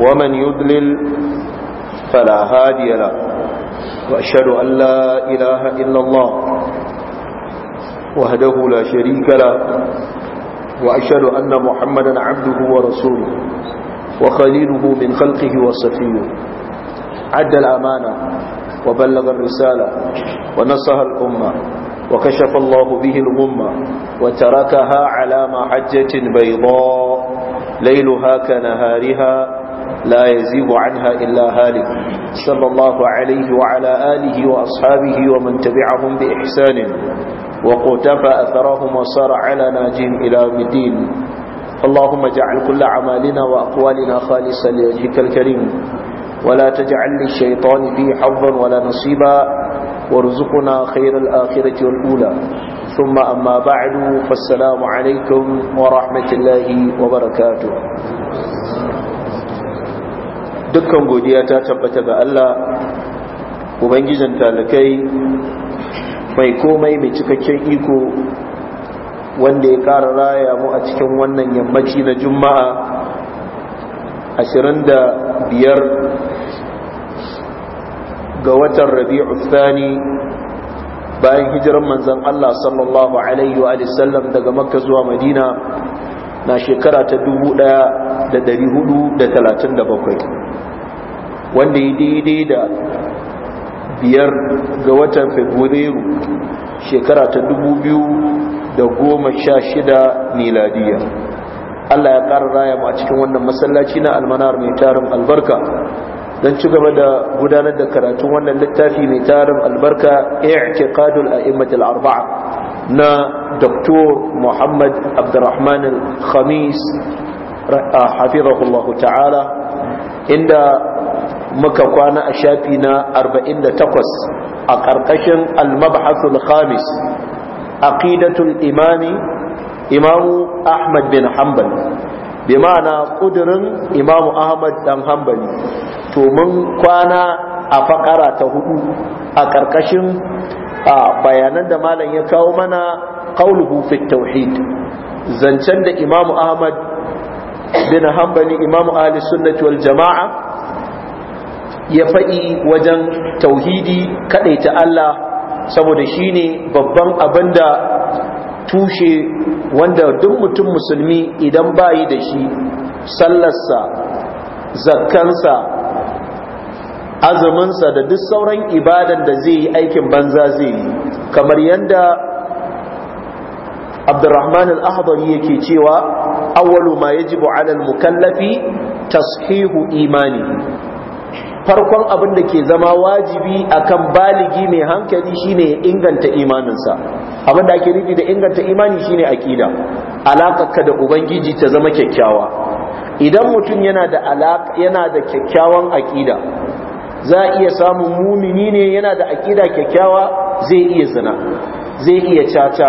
ومن يضلل فلا هادي له وأشهد أن لا إله إلا الله وهده لا شريك له وأشهد أن محمدا عبده ورسوله وخليله من خلقه وصفيه عد الأمانة وبلغ الرسالة ونصها الأمة وكشف الله به الغمة وتركها على معجة بيضاء ليلها كنهارها لا يزيغ عنها إلا هالك صلى الله عليه وعلى آله وأصحابه ومن تبعهم بإحسان وقتفى أثرهم وصار على ناجهم إلى مدين اللهم اجعل كل عمالنا وأقوالنا خالصا لأجهك الكريم ولا تجعل للشيطان فيه حظا ولا نصيبا وارزقنا خير الآخرة والأولى ثم أما بعد فالسلام عليكم ورحمة الله وبركاته dukkan godiya ta tabbata ga Allah ubangijin talakai mai komai mai cikakken iko wanda ya kara raya mu a cikin wannan yammaci na juma'a 25 ga watan rabi'u thani bayan hijiran manzan Allah sallallahu alaihi wa sallam daga makka zuwa madina na shekara ta 1437 wanda ya daidai da biyar ga watan fabrairu shekara ta 2016 miladiya Allah ya ƙara raya mu a cikin wannan masallaci na almanar mai tarin albarka don ci gaba da gudanar da karatun wannan littafi mai tarin albarka a a'immatul arba'a na Dr. Muhammad Abdurrahman Al-Khamis ah, hafizahullahu ta'ala inda muka kwana a shafi na 48 a ƙarƙashin al-mabhasul khamis aqidatul imami imamu Ahmad bin Hanbal bi ma'ana kudirin imamu Ahmad dan Hanbali to mun kwana a fakara ta hudu a ƙarƙashin a bayanan da malam ya kawo mana qauluhu fi tauhid zancen da imamu ahmad bin hanbali imamu ahli sunnati wal jama'a ya faɗi wajen tauhidi kadaita Allah saboda shine babban abin da tushe wanda duk mutum musulmi idan bayi da shi sallarsa zakkansa azuminsa da duk sauran ibadan da zai yi aikin banza zai yi kamar yadda abdurrahman al-ahdari yake cewa awwalu ma yajibu ala al-mukallafi tashihu imani farkon abin da ke zama wajibi akan baligi mai hankali shine ya inganta imaninsa abin da ake nufi da inganta imani shine aqida alaƙarka da ubangiji ta zama kyakkyawa idan mutum yana da kyakkyawan aqida za a iya samun mumini ne yana da aƙida kyakkyawa zai iya zina zai iya caca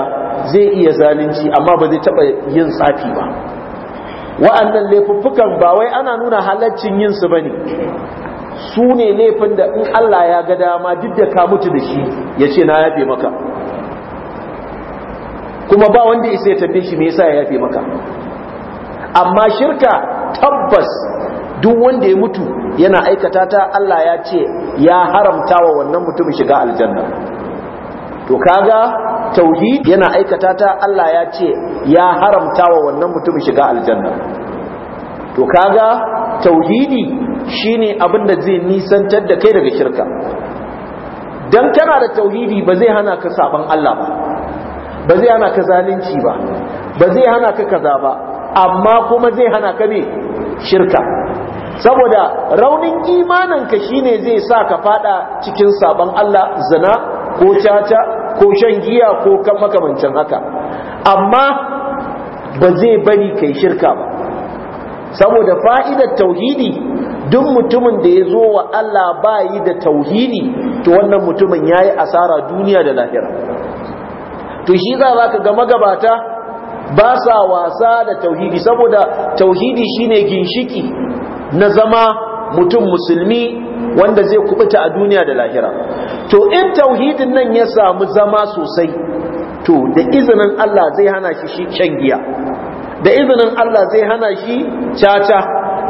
zai iya zalunci amma ba zai taɓa yin tsafi ba wa'annan laifuffukan ba wai ana nuna halaccin yinsu ba ne. su ne laifin da in Allah ya ga dama duk da ka mutu da shi ya ce na yafe maka kuma ba wanda isa ya tafi shi me yasa ya yafe maka amma shirka tabbas duk wanda ya mutu yana aikata ta Allah ya ce ya haramta wa wannan mutumin shiga aljanna to kaga tauhid yana aikata ta Allah ya ce ya haramta wa wannan mutum shiga aljanna to kaga tauhidi shine abin da zai nisantar da kai daga shirka dan kana da tauhidi ba zai hana ka saban Allah ba ba zai hana ka zalunci ba ba zai hana ka kaza ba amma kuma zai hana ka ne shirka saboda raunin imaninka shine zai sa ka fada cikin sabon Allah zina ko caca ko shan giya ko kan makamancin haka amma ba zai bari kai shirka ba saboda fa'idar tauhidi duk mutumin da ya zo wa Allah bayi da tauhidi to wannan mutumin ya yi asara duniya da lahira to shi za ka ga magabata ba sa wasa da tauhidi saboda tauhidi shine ginshiki na zama mutum musulmi wanda zai kubuta a duniya da lahira to in tauhidin nan ya samu zama sosai to da izinin Allah zai hana shi shi can giya da izinin Allah zai hana shi caca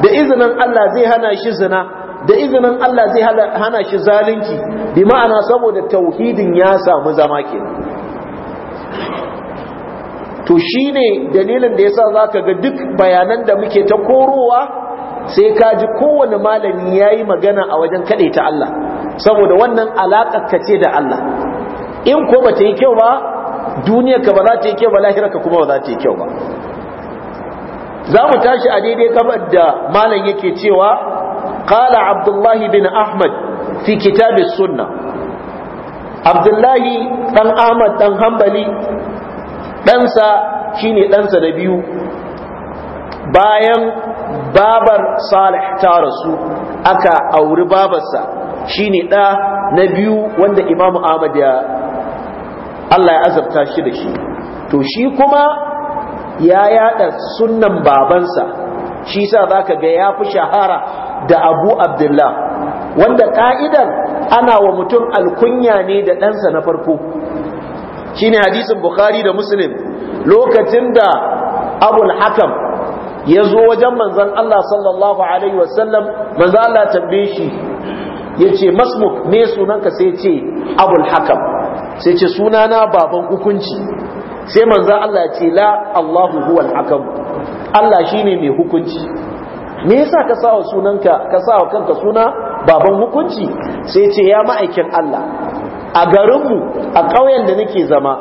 da izinin Allah zai hana shi zina da izinin Allah zai hana shi zalunci bi ma'ana saboda tauhidin ya samu zama kenan to shi ne dalilin da ya sa za ka ga duk bayanan da muke ta korowa sai ka ji kowane malami ya yi magana a wajen ta Allah saboda wannan alakar ka ce da Allah in ko ba ta yi kyau ba duniyarka ka ba za ta yi kyau ba lahirar ka kuma ba za ta yi kyau ba za mu tashi a daidai kamar da malam yake cewa kala Abdullahi bin Ahmad fi kitabis sunna Abdullahi ɗan Ahmad ɗan hambali. ɗansa shine ɗansa na biyu bayan babar salih ta rasu aka auri babarsa shine ɗa na biyu wanda imamu ahmad ya Allah ya azabta shi da shi to shi kuma ya yada sunan babansa shi sa ka ga ya fi shahara da abu abdullah wanda ka'idar ana wa mutum alkunya ne da ɗansa na farko shine hadisin bukhari da muslim lokacin da abul hakam ya zo wajen manzon Allah sallallahu alaihi wasallam manzon Allah tambaye shi yace masmuk me sunanka sai ce abul hakam sai ce sunana baban hukunci sai manzon Allah ya ce la Allahu huwal hakam Allah shine mai hukunci me yasa ka sawa sunanka ka sawa kanka suna baban hukunci sai ce ya ma'aikin Allah a garinmu a ƙauyen da nake zama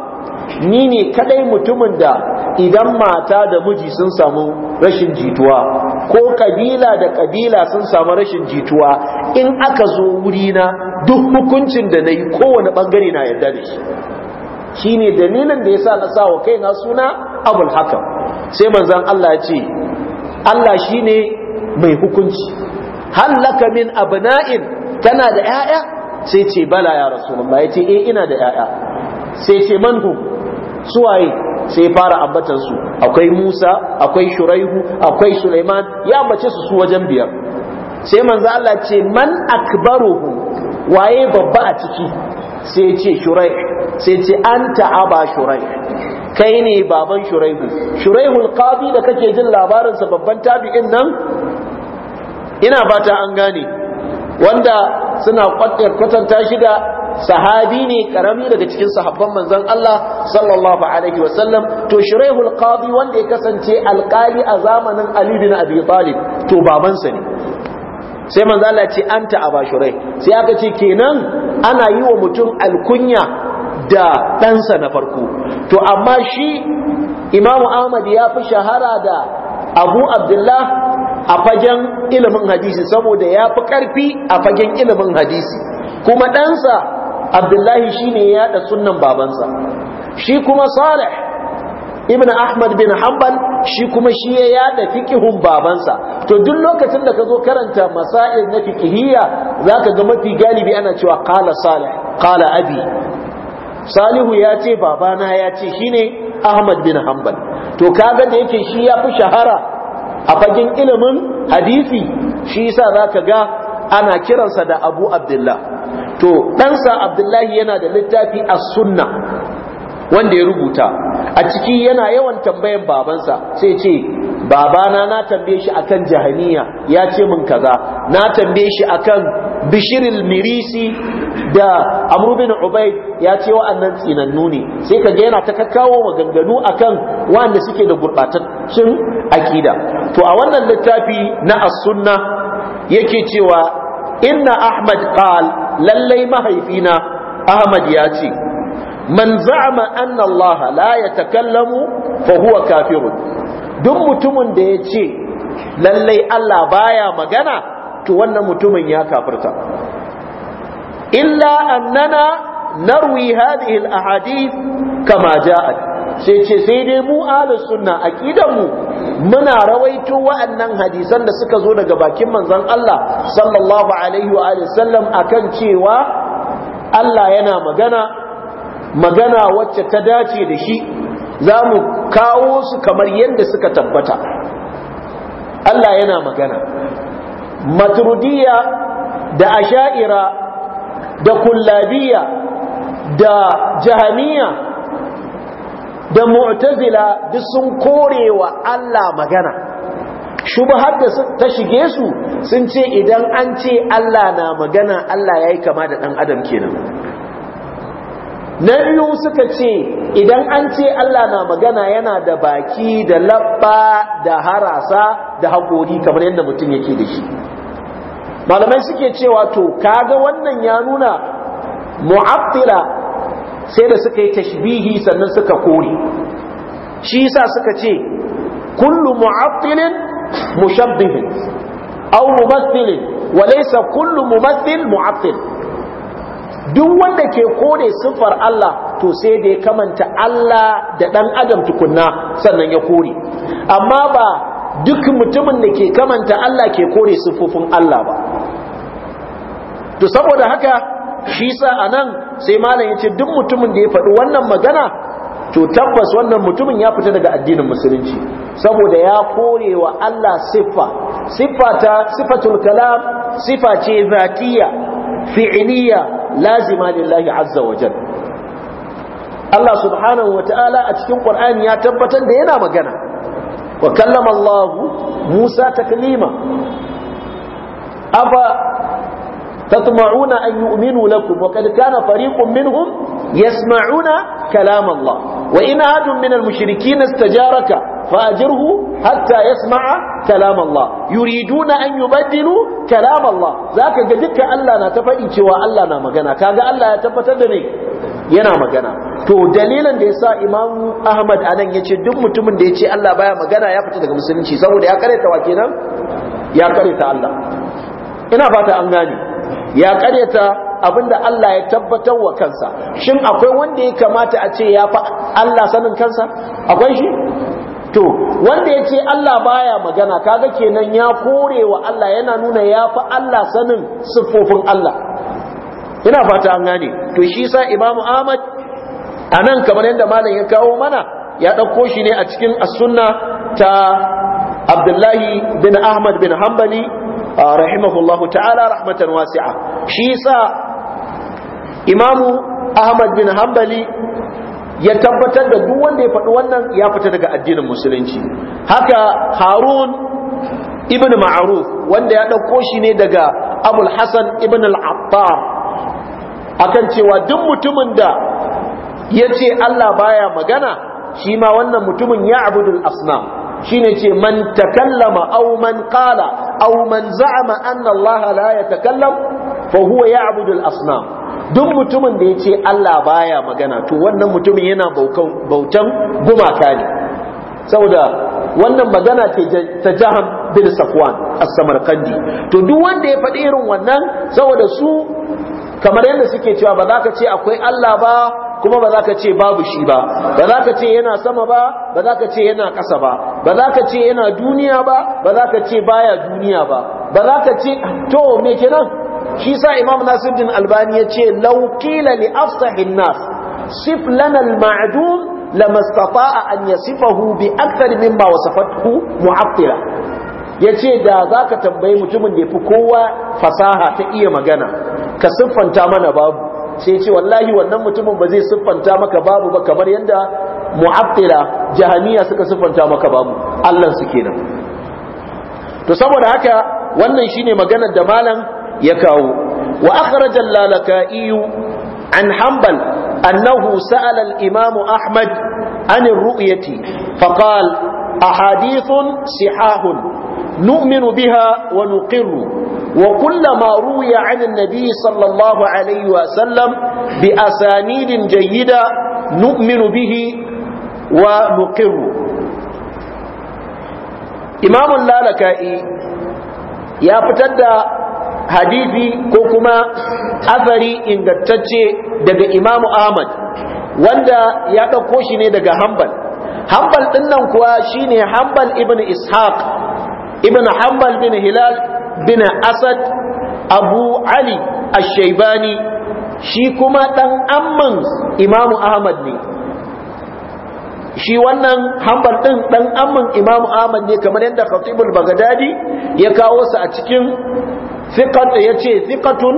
ni ne kadai mutumin da idan mata da miji sun samu rashin jituwa ko kabila da kabila sun samu rashin jituwa in aka zo wurina duk hukuncin da na yi kowane ɓangare na yarda da shi shi ne dalilin da ya sa na sawa kaina suna abul hakan sai manzan Allah ya ce Allah shi ne mai hukunci hallaka min abna'in tana da 'ya'ya sai ce bala ya rasulullah ya ce eh ina da yaya sai ce Su suwaye sai fara ambatan su akwai Musa akwai Shuraihu akwai Sulaiman ya ambace su su wajen biyar sai manzo Allah ce man akbaruhu waye babba a ciki sai ce Shuraih sai ce anta aba Shuraih kai ne baban shuraihu shuraihu alqadi da kake jin labarinsa babban tabi'in nan ina fata an gane wanda suna kwatanta shi da sahabi ne karami daga cikin sahabban manzon Allah sallallahu alaihi wasallam to shuraihul qadi wanda ya kasance alkali a zamanin Ali bin Abi Talib to babansa ne sai manzo Allah ce anta aba shurai sai aka ce kenan ana yi wa mutum alkunya da ɗansa na farko to amma shi Imam Ahmad ya fi shahara da Abu Abdullah a fagen ilimin hadisi saboda ya fi ƙarfi a fagen ilimin hadisi kuma ɗansa abdullahi shine ya yada sunan babansa shi kuma salih ibn ahmad bin hanbal shi kuma shi ya yada fikihun babansa to duk lokacin da ka zo karanta masail na fikihiyya za ka ga mafi galibi ana cewa qala salih qala abi salihu ya ce babana ya ce shine ahmad bin hanbal to kaga da yake shi ya fi shahara a fagen ilimin hadisi shi yasa zaka ga ana kiransa da Abu Abdullah to ɗansa Abdullahi yana da littafi a sunna wanda ya rubuta a ciki yana yawan tambayan babansa sai ce babana na tambaye shi akan jahaniya ya ce min kaza na tambaye shi akan bishirin mirisi da amru bin ubayd ya ce wa'annan tsinannu ne sai kaga yana ta kakkawo maganganu akan wanda suke da gurbataccen akida to a wannan littafi na as-sunna yake cewa inna ahmad qal lallai mahaifina ahmad ya ce man za'ama anna allah la yatakallamu fa huwa kafirun duk mutumin da ya ce lallai allah baya magana to wannan mutumin ya kafirta إلا أننا نروي هذه الأحاديث كما جاءت sai ce sai dai mu ahlus sunna ƙidanmu. muna rawaito wa'annan hadisan da suka zo daga bakin manzon Allah sallallahu alaihi wa akan cewa Allah yana magana magana wacce ta dace da shi zamu kawo su kamar yadda suka tabbata Allah yana magana matrudiya da asha'ira da kullabiya da jahaniya da mu'tazila duk sun korewa Allah magana shubhar da ta shige su sun ce idan an ce Allah na magana Allah yayi kama da ɗan adam kenan na biyu suka ce idan an ce Allah na magana yana da baki da labba da harasa da haƙori kamar yadda mutum yake da shi malamai suke cewa to kaga wannan ya nuna mu'attila sai da suka yi tashbihi sannan suka kore shi yasa suka ce kullu mu'attilin mushabbih aw mubathil wa laysa kullu mubathil mu'attil duk wanda ke kore siffar Allah to sai da ya kamanta Allah da dan adam tukunna sannan ya kore amma ba duk mutumin da ke kamanta Allah ke kore sifofin Allah ba to saboda haka shi sa anan sai malam ce duk mutumin da ya faɗi wannan magana to tabbas wannan mutumin ya fita daga addinin musulunci saboda ya kore wa Allah siffa siffata sifatul kalam sifa ce zatiya fi'iliya lazima lillahi azza wa Allah subhanahu wa ta'ala a cikin Qur'ani ya tabbatar da yana magana wa kallama Allah Musa taklima afa تطمعون أن يؤمنوا لكم وقد كان فريق منهم يسمعون كلام الله وإن أحد من المشركين استجارك فأجره حتى يسمع كلام الله يريدون أن يبدلوا كلام الله ذاك قدك ألا نتفئي سوى ألا نمغنى كاغا ألا يتفتدني yana magana to dalilin da yasa imam ahmad anan yace duk mutumin da yace Allah baya magana ya fita daga musulunci saboda ya karanta wa kenan ya karanta Allah ina fata an gane ya karyata abinda Allah ya tabbatar wa kansa shin akwai wanda ya kamata a ce ya fa Allah sanin kansa akwai shi to wanda ya ce Allah baya magana kaga kenan ya kore wa Allah yana nuna ya fa Allah sanin siffofin Allah ina fata an gane to shi sa Imam Ahmad anan kamar yadda malam ya kawo mana ya ɗauko shi ne a cikin as-sunna ta Abdullahi bin Ahmad bin Hanbali rahimahullahu ta'ala rahmatan wasi'a shi yasa imamu ahmad bin hanbali ya tabbatar da duk wanda ya faɗi wannan ya fita daga addinin musulunci haka harun ibn ma'ruf wanda ya ɗauko shi ne daga abul hasan ibn al-attar akan cewa duk mutumin da ya ce Allah baya magana shi ma wannan mutumin ya abudul asnam shine ce man takallama aw man qala aw man za'ama anna Allah la yatakallam fa huwa ya'budu al-asnam duk mutumin da yace Allah baya magana to wannan mutumin yana bautan gumaka ne saboda wannan magana ce ta jahan bin Safwan as-Samarkandi to duk wanda ya faɗi irin wannan saboda su kamar yadda suke cewa ba za ka ce akwai Allah ba kuma ba za ka ce babu shi ba ba za ka ce yana sama ba ba za ka ce yana ƙasa ba ba za ka ce yana duniya ba ba za ka ce baya duniya ba ba za ka ce to me kenan shi sa imam nasiruddin albani ya ce law qila li afsahin nas sif lana al ma'dum lama an yasifahu bi akthar mimma wasafathu mu'attila yace da zaka tambayi mutumin da yafi kowa fasaha ta iya magana ka siffanta mana babu sai ce wallahi wannan mutumin ba zai siffanta maka babu ba kamar yadda mu'attila jahamiya suka siffanta maka babu Allah su kenan to saboda haka wannan shine maganar da malam ya kawo wa akhraja al-lalaka'i an hanbal annahu sa'ala al-imam ahmad an ar-ru'yati faqala ahadithun sihahun nu'minu biha wa nuqirru وكل ما روي عن النبي صلى الله عليه وسلم بأسانيد جيدة نؤمن به ونقر إمام اللالكائي يفتد حديثي كوكما أثري إن تتشي دق إمام آمد wanda ya ɗauko shi ne daga hambal hambal ɗin nan kuwa shine hambal ibn ishaq ibn hambal bin hilal bin asad abu ali ashaibani shi kuma ɗan amman Imam ahmad ne shi wannan hanbal ɗin ɗan amman imamu ahmad ne kamar yadda al-Baghdadi ya kawo su a cikin ya ce thiqatun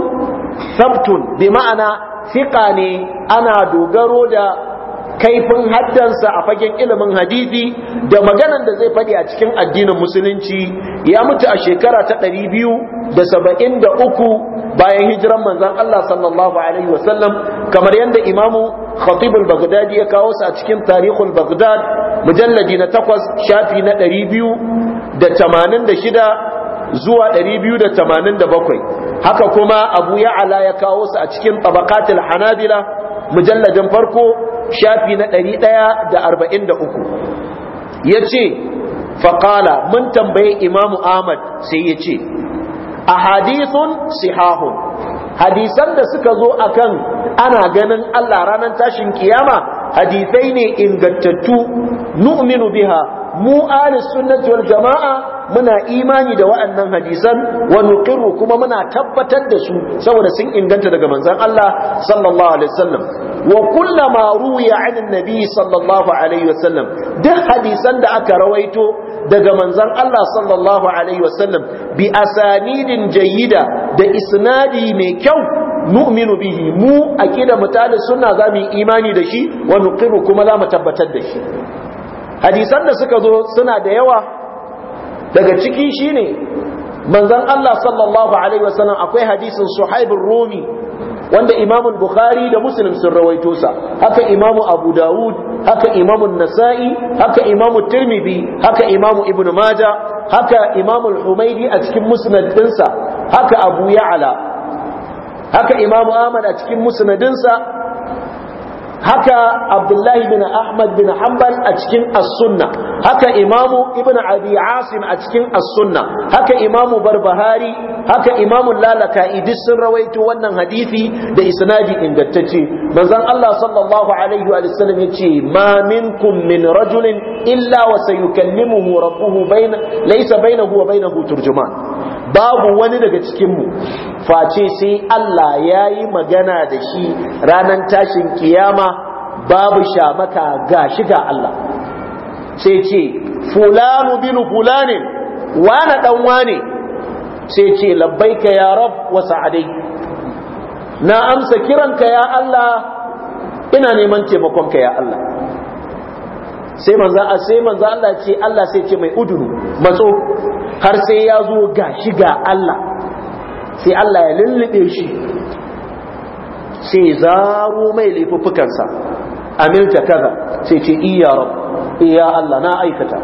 sabtun bi ma'ana thiqa ne ana dogaro da kaifin haddansa a fagen ilimin hadisi da maganan da zai faɗi a cikin addinin musulunci ya mutu a shekara ta ɗari biyu da saba'in da uku bayan hijiran manzan Allah sallallahu alaihi wasallam kamar yadda imamu khatibul baghdadi ya kawo su a cikin tarihul baghdad mujalladi na takwas shafi na ɗari biyu da tamanin da shida zuwa 287 haka kuma abu ala ya kawo su a cikin tabaqatul hanabila mujalladin farko shafi na 143 ya ce faƙala mun tambaye imamu ahmad sai ya ce a hadithun sihahun hadisan da suka zo akan ana ganin allah ranar tashin kiyama hadisai ne ingantattu nu'minu biha mu ahli sunnati wal jama'a muna imani da wa'annan hadisan wa nuqirru kuma muna tabbatar da su saboda sun inganta daga manzon Allah sallallahu alaihi wasallam wa kullama ruwiya an nabi sallallahu alaihi wasallam duk hadisan da aka rawaito daga manzon Allah sallallahu alaihi wasallam bi asanidin jayyida da isnadi mai kyau nu'minu bihi mu akida mutalin sunna zamu imani da shi wa nuqiru kuma za mu tabbatar da shi hadisan da suka zo suna da yawa daga ciki shine manzon Allah sallallahu alaihi wasallam akwai hadisin suhaibin rumi wanda imamun Bukhari da Muslim sun rawaito sa haka Imam Abu Dawud haka Imam Nasa'i haka Imam Tirmidhi haka Imam Ibn Maja haka imamu Al-Humaydi a cikin musnad haka Abu Ya'ala haka Imam Ahmad a cikin musnadinsa haka abdullahi bin ahmad bin hanbal a cikin as-sunna haka imamu ibn abi asim a cikin as-sunna haka imamu barbahari haka imamu lalaka duk sun rawaito wannan hadisi da isnadi ingantacce manzon Allah sallallahu alaihi wa sallam yace ma minkum min rajulin illa wa sayukallimuhu rabbuhu bayna laysa bainahu wa bainahu turjuman babu wani daga cikinmu face sai Allah ya yi magana da shi ranar tashin kiyama babu shamaka ga shi ga Allah sai ce fulanu binu fulanin wane ɗan wane sai ce labbaika ya rab wa sa'adai na amsa kiranka ya Allah ina neman taimakonka ya Allah sai manzo sai manzo Allah ce Allah sai ce mai udunu matso har sai ya zo gashi ga Allah sai Allah ya lullube shi sai zaro mai laifuffukansa amilta kaza sai ce iya rab iya Allah na aikata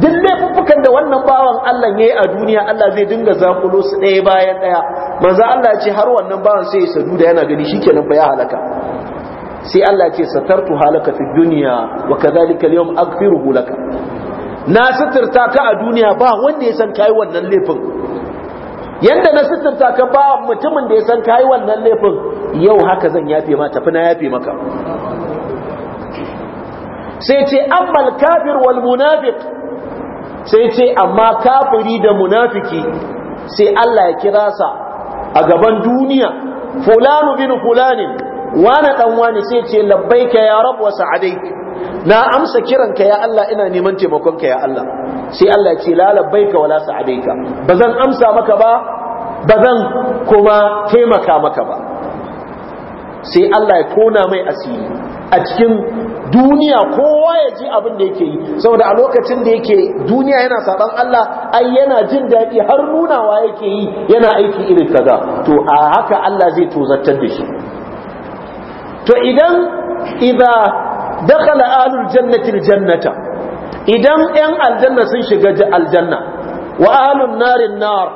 duk laifuffukan da wannan bawan Allah ya yi a duniya Allah zai dinga zakulo su ɗaya bayan ɗaya manzo Allah ya ce har wannan bawan sai ya sadu da yana gani shikenan ba ya halaka sai Allah ce satartu halaka fi duniya wa kadhalika al-yawm aghfiruhu laka na suturta ka a duniya ba wanda ya san kai wannan laifin yanda na suturta ka ba mutumin da ya san kai wannan laifin yau haka zan yafe ma tafi na yafe maka sai ce amma al-kafir wal munafiq sai ce amma kafiri da munafiki sai Allah ya kira sa a gaban duniya fulanu bin fulanin wane dan wane sai ce ka ya rab wa na amsa kiranka ya Allah ina neman taimakonka ya Allah sai Allah ce la ka wala Ba bazan amsa maka ba bazan kuma taimaka maka ba sai Allah ya tona mai asiri a cikin duniya kowa ya ji abin da yake yi saboda a lokacin da yake duniya yana saban Allah ai yana jin daɗi har nunawa yake yi yana aiki irin kaza to a haka Allah zai tozartar da shi to idan idza dakhala ahlul jannati aljannata idan yan aljanna sun shiga aljanna wa ahlun narin nar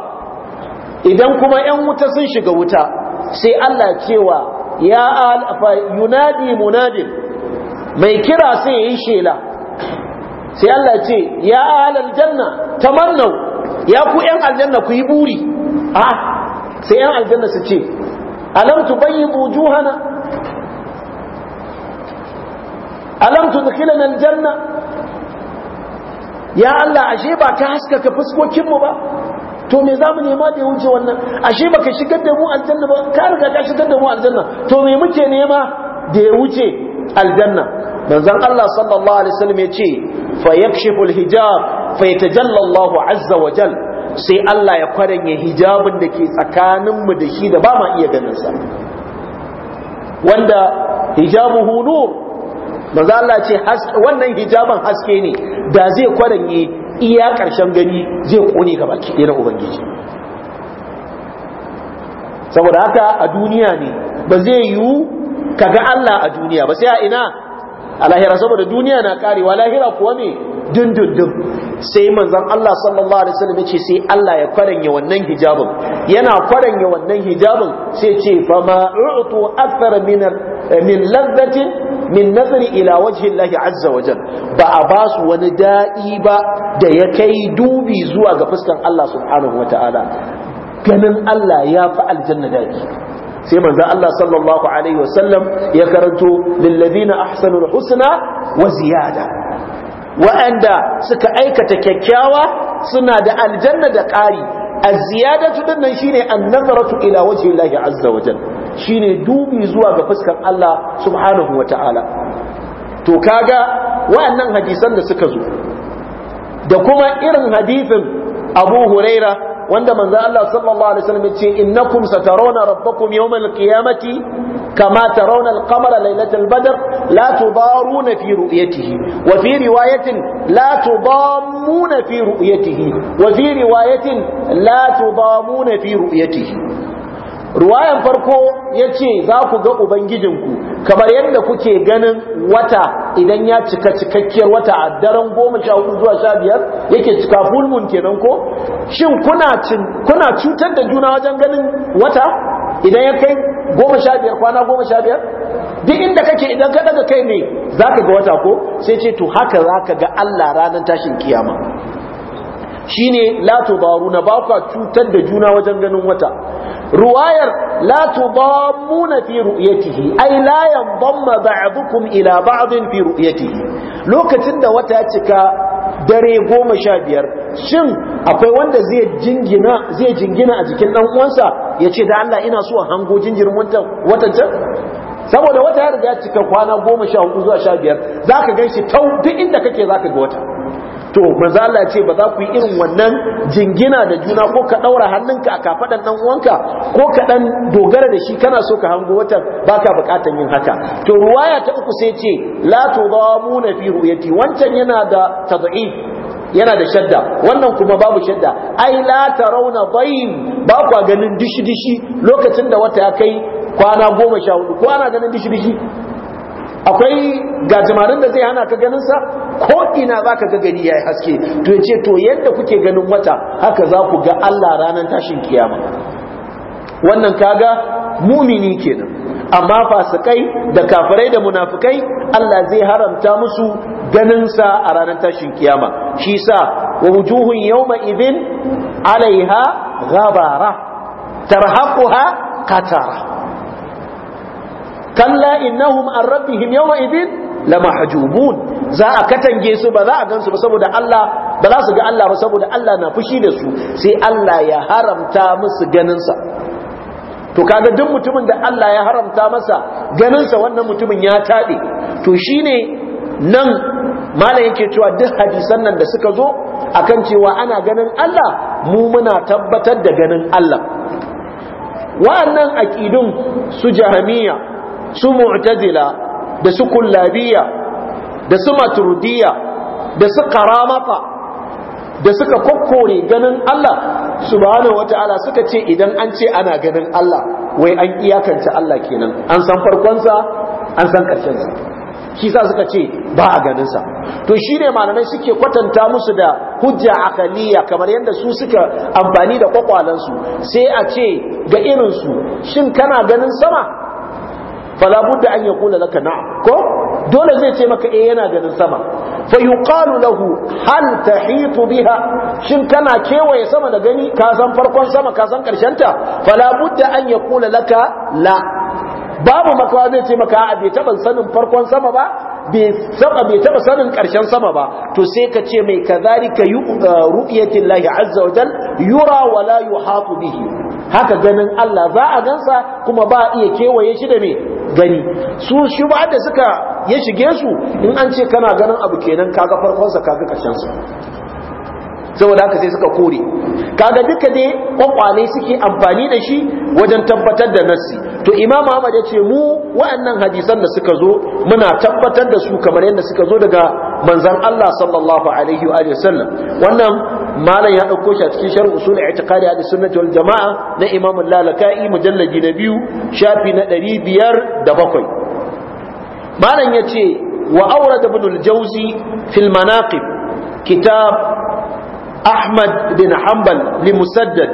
idan kuma yan wuta sun shiga wuta sai Allah cewa ya al fa yunadi munadin mai kira sai yayi shela sai Allah ce ya alal janna tamannau ya ku yan aljanna ku yi buri a sai yan aljanna su ce alam tubayyidu wujuhana alam tudkhilana aljanna ya Allah ashe ba ka haskaka fuskokin mu ba to me zamu nema da ya wuce wannan ashe baka shigar da mu aljanna ba ka riga ka shigar da mu aljanna to me muke nema da ya wuce aljanna manzon Allah sallallahu alaihi wasallam ya ce fa yakshifu alhijab fa yatajalla Allah azza wa jal sai Allah ya kwaranye hijabin da ke tsakanin mu da shi da ba ma iya ganin sa wanda hijabuhu nur manzo Allah ce wannan hijaban haske ne da zai kwadanye iya karshen gani zai kone ga baki ɗaya na ubangiji saboda haka a duniya ne ba zai yiwu ka ga Allah a duniya ba sai a ina a lahira saboda duniya na karewa lahira kuwa ne dindindin sai manzon Allah sallallahu alaihi wasallam yace sai Allah ya kwaranya wannan hijabin yana kwaranya wannan hijabin sai ce fa ma u'tu akthar min min ladhatin min nazari ila wajhi Allah azza wa ba a basu wani da'i ba da ya kai dubi zuwa ga fuskan Allah subhanahu wata'ala ganin Allah ya fi aljanna daɗi sai manzo Allah sallallahu alaihi wasallam ya karanto lillazina ahsanul husna wa ziyada wa'anda suka aikata kyakkyawa suna da aljanna da ƙari az-ziyadatu din nan shine an-nazaratu ila wajhi Allah azza wa jalla shine dubi zuwa ga fuskar Allah subhanahu wa ta'ala to kaga wa'annan hadisan da suka zo da kuma irin hadisin Abu Huraira wanda manzo Allah sallallahu alaihi wasallam yace innakum satarawna rabbakum yawmal qiyamati kama tarawna al-qamara laylatal badr la tudaruna fi ru'yatihi wa fi riwayatin la tudammuna fi ru'yatihi wa fi riwayatin la tudammuna fi ru'yatihi ruwayan farko ya ce za ku ga ubangijinku kamar yadda kuke ganin wata idan ya cika cikakkiyar wata a daren goma sha hudu zuwa sha biyar yake cika fulmun kenan ko shin kuna cutar da juna wajen ganin wata idan ya kai goma sha biyar kwana goma sha biyar duk inda kake idan ka daga kai ne za ka ga wata ko sai ce to haka za ka ga allah ranar tashin kiyama shine ne tudaruna ba ku cutar da juna wajen ganin wata ruwayar la muna fi ru'yatihi ay la ba'dukum ila ba'din fi ru'yatihi lokacin da wata cika dare goma sha biyar shin akwai wanda zai jingina a jikin dan uwansa ya ce da Allah ina so hango jinjirin watan can saboda wata ya riga cika kwana goma sha hudu zuwa sha biyar za ka gan shi tau duk inda kake za ka ga wata to manzo Allah ce ba za ku yi irin wannan jingina da juna ko ka daura hannunka a kafadan dan uwanka ko ka dan dogara da shi kana so ka hango watan baka bukatan yin haka to ruwaya ta uku sai ce la tudamuna fi ru'yati wancan yana da tazai yana da shadda wannan kuma babu shadda ai la tarawna dhaym ba ku ganin dishi dishi lokacin da wata ya kai kwana goma sha hudu ko ana ganin dishi dishi akwai gajimarin da zai hana ka ganin sa ko ina za ka ga gani yayi haske to yace to yadda kuke ganin wata haka za ku ga Allah ranar tashin kiyama wannan kaga mumini kenan amma fasikai da kafirai da munafikai Allah zai haramta musu ganin sa a ranar tashin kiyama shi sa wa wujuhun yawma idhin alaiha ghabara tarhaquha qatara kalla innahum an rabbihim yawma idin lamahjumun za a katange su ba za a gansu ba saboda Allah ba za su ga Allah ba saboda Allah na fushi da su sai Allah ya haramta musu ganin sa to kaga duk mutumin da Allah ya haramta masa ganin sa wannan mutumin ya tade to shine nan malam yake cewa duk hadisan nan da suka zo akan cewa ana ganin Allah mu muna tabbatar da ganin Allah wa'annan aqidun su jahamiya su mu'tazila da su kullabiya da su maturdiya da su karamata da suka kokkore ganin Allah subhanahu wataala suka ce idan an ce ana ganin Allah wai an iyakanta Allah kenan an san farkonsa an san sa, shi sa suka ce ba a ganinsa to shi ne malamai suke kwatanta musu da hujja akaliya kamar yadda su suka amfani da kwakwalansu sai a ce ga irin su shin kana ganin sama fala budda an yaqula laka na'am ko dole zai ce maka eh yana ganin sama fa yuqalu lahu hal tahitu biha shin kana kewaye sama da gani ka san farkon sama ka san karshen ta fala budda an yaqula laka la babu makawa zai ce maka a bai taba sanin farkon sama ba bai saba bai taba sanin karshen sama ba to sai ka ce mai kazalika uh, ru'yatillahi azza wa jal yura wala yuhatu bihi haka ganin Allah za a gansa kuma ba a iya kewaye shi da me gani su shi ba da suka ya shige su in an ce kana ganin abu kenan kaga farkonsa kaga ƙarshensa saboda haka sai suka kore kaga duka dai kwakwale suke amfani da shi wajen tabbatar da nassi to imam ahmad ya ce mu wa'annan hadisan da suka zo muna tabbatar da su kamar yadda suka zo daga manzan Allah sallallahu alaihi wa sallam wannan malam ya dauko shi a cikin sharh usul i'tiqadi ahli sunnah wal jamaa na imam al-lalakai mujalladi na biyu shafi na 507 malam yace wa awrad ibn al-jawzi fil manaqib kitab ahmad bin hanbal li musaddad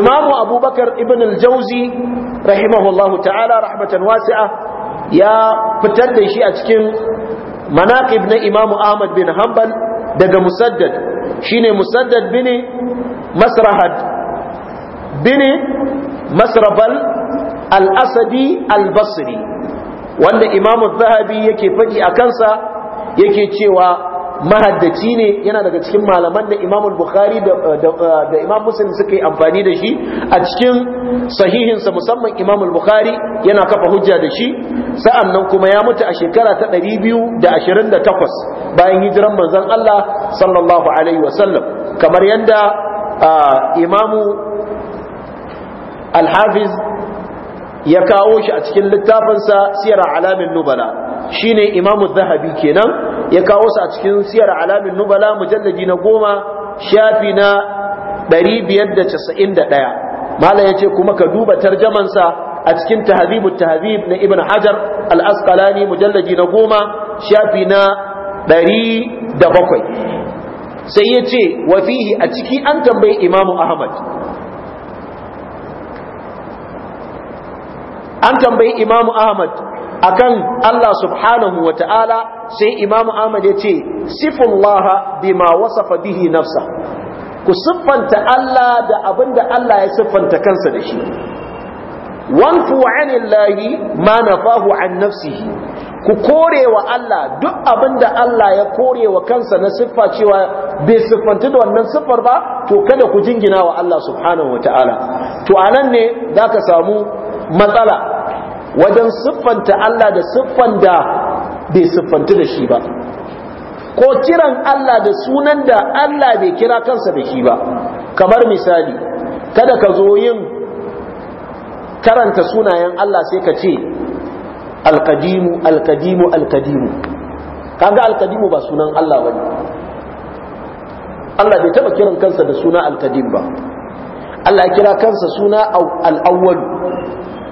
imam abubakar ibn al-jawzi rahimahullahu ta'ala rahmatan wasi'a ya fitar da shi a cikin manaqib na imam ahmad bin hanbal daga musaddad shine musaddad bine masrahad bine masrabal al-asadi al-basri wanda imamu zahabi yake faɗi a kansa yake cewa mahaddaci ne yana daga cikin malaman da imam bukhari da imam muslim suka yi amfani da shi a cikin sahihinsa musamman imam bukhari yana kafa hujja da shi sa'annan kuma ya mutu a shekara ta 228 bayan hijiran manzon Allah sallallahu alaihi wasallam kamar yadda imamu al-hafiz ya kawo shi a cikin sa siyar alamin nubala shine imamu zahabi kenan ya kawo su a cikin siyar alamin nubala mujallaji na goma shafi na 591 malam ya ce kuma ka duba tarjamansa a cikin tahzibu tahzib na ibn hajar al-asqalani mujalladi na goma shafi na 107 sai ya ce wafihi a ciki an tambayi imamu ahmad an tambayi imamu ahmad akan Allah subhanahu wa ta'ala sai Imam Ahmad ya ce sifullah bima wasafa bihi nafsa ku siffanta Allah da abinda Allah ya siffanta kansa da shi wanfu anillahi ma nafahu an nafsihi ku kore wa Allah duk abinda Allah ya kore wa kansa na siffa cewa bai siffanta da wannan siffar ba to kada ku jingina wa Allah subhanahu wa ta'ala to anan ne zaka samu matsala wajen siffanta Allah da siffan da bai siffanta da shi ba ko kiran Allah da sunan da Allah bai kira kansa da shi ba kamar misali kada ka zo yin karanta sunayen Allah sai ka ce alkadimu alkadimu alkadimu kaga alkadimu ba sunan Allah ba Allah bai taba kiran kansa da suna alkadim ba Allah ya kira kansa suna al-awwal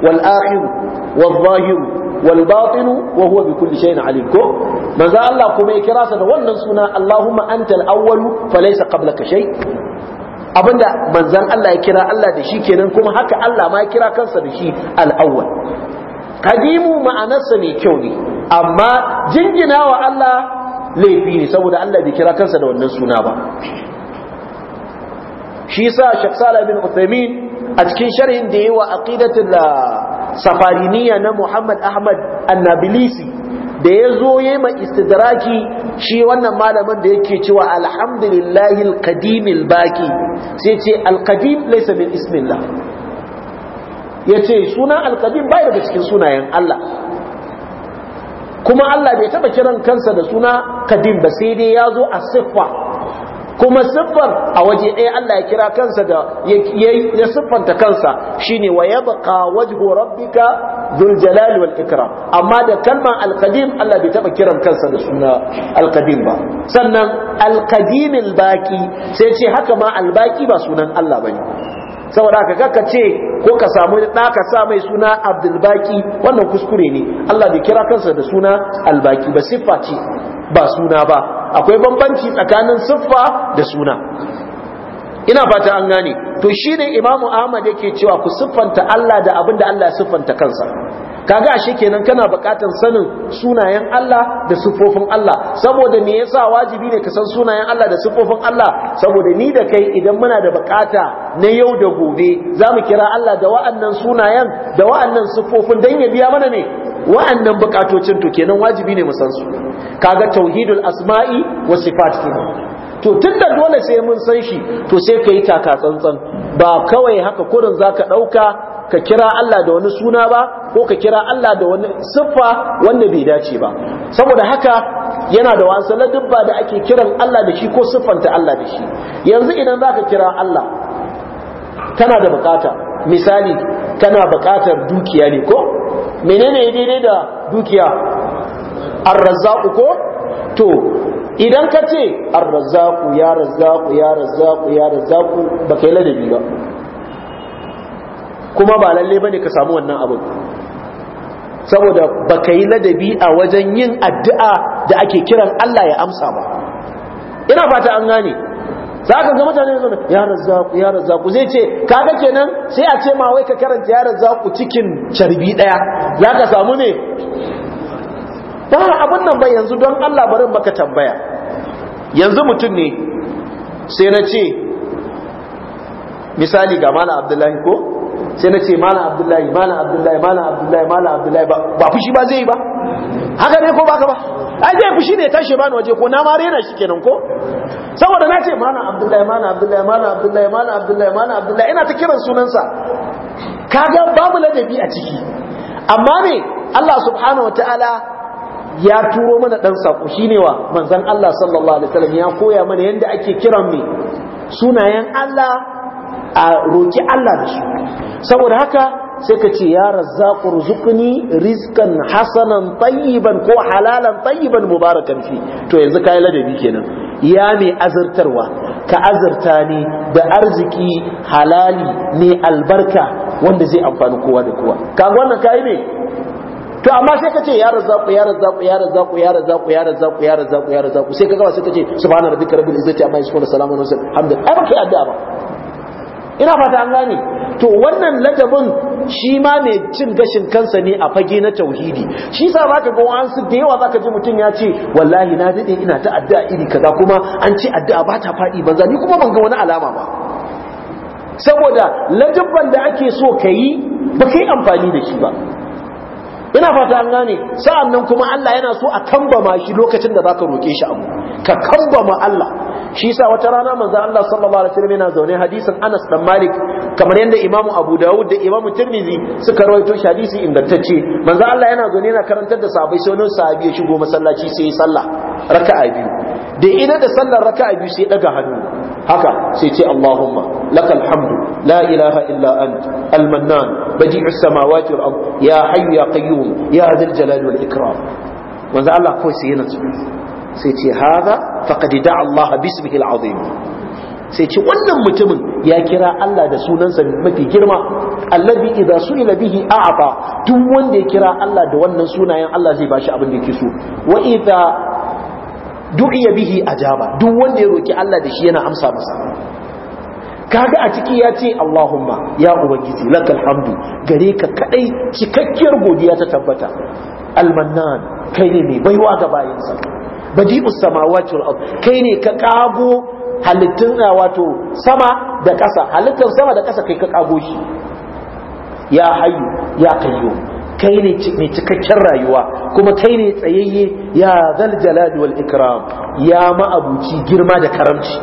والآخر والظاهر والباطن وهو بكل شيء عليم كو من ذا الله كما يكراسة ونن سنة اللهم أنت الأول فليس قبلك شيء da manzan Allah ya kira Allah da shi kenan kuma haka Allah ma ya kira kansa da shi al'awwal kadimu ma'anarsa mai kyau ne amma jingina wa Allah laifi ne saboda Allah bai kira kansa da wannan suna ba shi yasa Sheikh Salah bin a cikin sharhin da yawa aqidatul ah, safariniya na Muhammad Ahmad Annabilisi da ya zo ya ma istidraki shi wannan malamin da yake cewa alhamdulillahi alqadim albaqi sai ce alqadim laysa min ismillah yace sunan alqadim bai daga cikin sunayen Allah kuma Allah bai taba kiran kansa da suna qadim ba sai dai ya zo a siffa kuma siffar a waje ɗaya Allah ya kira kansa da ya siffanta kansa shine wa yabqa wajhu rabbika dhul jalali wal ikram amma da kalma al qadim Allah bai taba kiran kansa da suna al qadim ba sannan al qadim al baqi sai ce haka ma al baqi ba sunan Allah bane saboda haka kaka ce ko ka samu da ka sa mai suna Abdul Baqi wannan kuskure ne Allah bai kira kansa da suna al baqi ba siffa ce ba suna ba akwai bambanci tsakanin siffa da suna ina fata an gane to shine imamu ahmad yake cewa ku siffanta Allah da abin da Allah ya siffanta kansa kaga ashe kenan kana bukatan sanin sunayen Allah da siffofin Allah saboda me yasa wajibi ne ka san sunayen Allah da siffofin Allah saboda ni da kai idan muna da bukata na yau da gobe zamu kira Allah da wa'annan sunayen da wa'annan siffofin dan ya biya mana ne wa'annan bukatocin to kenan wajibi ne mu san su kaga tauhidul asma'i Wasu fati kenan to tunda dole sai mun san shi to sai ka yi taka tsantsan ba kawai haka kurin ka dauka ka kira Allah da wani suna ba ko ka kira Allah da wani siffa wanda bai dace ba saboda haka yana da wasu dubba da ake kiran Allah da shi ko siffanta Allah da shi yanzu idan za ka kira Allah kana da bukata misali kana bukatar dukiya ne ko menene daidai da dukiya ar ko to idan ka ce arrazzaku ya razzaku ya razzaku ya razzaku ba kai ladabi ba kuma ba lalle bane ka samu wannan abin saboda ba ka yi ladabi a wajen yin addu'a da ake kiran Allah ya amsa ba ina fata an gane za ka ga mutane da ya razzaku ya razzaku zai ce kaga kenan sai a ce ma wai ka karanta ya razzaku cikin carbi daya za ka samu ne ba abin nan ba yanzu don Allah barin baka tambaya yanzu mutum ne sai na ce misali ga mala abdullahi ko sai na ce mala abdullahi mala abdullahi mala abdullahi mala abdullahi ba fushi ba zai ba haka ne ko ba ka ba ai zai fushi ne tashi ba waje ko na mara yana shi kenan ko saboda na ce mala abdullahi mala abdullahi mala abdullahi mala abdullahi mala abdullahi ina ta kiran sunansa kaga babu ladabi a ciki amma ne Allah subhanahu Ta'ala. ya turo mana dan sako shine wa manzon Allah sallallahu alaihi wasallam ya koya mana yanda ake kiran me sunayen Allah a roki Allah da su saboda haka sai ka ce ya razzaqu rizqni rizqan hasanan tayyiban ko halalan tayyiban mubarakan fi to yanzu kai ladabi kenan ya mai azartarwa ka azarta ne da arziki halali ne albarka wanda zai amfani kowa da kowa ga wannan kai ne to amma sai ka ce ya razzaku ya razzaku ya razzaku ya razzaku ya razzaku ya razzaku ya razzaku sai ka gaba sai ka ce subhana rabbika rabbil izzati amma yasifuna salamun alal mursalin alhamdulillah ai ba kai addu'a ba ina fata an gane to wannan ladabin shi ma mai cin gashin kansa ne a fage na tauhidi shi sa baka ga wasu da yawa zaka ji mutum ya ce wallahi na dade ina ta addu'a iri kaza kuma an ce addu'a ba ta fadi banza ni kuma ban ga wani alama ba saboda ladabban da ake so kayi ba kai amfani da shi ba ina fata an gane sa'an nan kuma Allah yana so a kambama shi lokacin da zaka roke shi abu ka kambama Allah shi yasa wata rana manzo Allah sallallahu alaihi wasallam yana zaune hadisin Anas dan Malik kamar yadda Imam Abu Dawud da Imam Tirmidhi suka rawaito shi hadisi ingantacce manzan Allah yana zaune yana karantar da sahabbai sai wani sahabi ya shigo masallaci sai ya sallah raka'a biyu da ina da sallar raka'a biyu sai daga hannu haka sai ce Allahumma lakal hamdu la ilaha illa ant al-mannan badi'u samawati wal ard ya hayyu ya qayyum ya dhal jalali wal ikram manzo Allah ko sai yana sai ce hada faqad da'a Allah bismihi al-azim sai ce wannan mutumin ya kira Allah da sunansa mafi girma allazi idza su'ila bihi a'ata duk wanda ya kira Allah da wannan sunayen Allah zai bashi abin da yake so wa idza duk iya bihi ajaba duk wanda ya roki Allah da shi yana amsa masa kaga a ciki ya ce Allahumma ya ubangiji lakal hamdu gare ka kadai cikakkiyar godiya ta tabbata almannan kai ne mai baiwa ga bayansa badi'us samawati wal ard kai ne ka kago halittun wato sama da ƙasa halittar sama da ƙasa kai ka kago shi ya hayyu ya qayyum kai ne mai cikakken rayuwa kuma kai ne tsayayye ya zal jalali wal ikram ya ma'abuci girma da karamci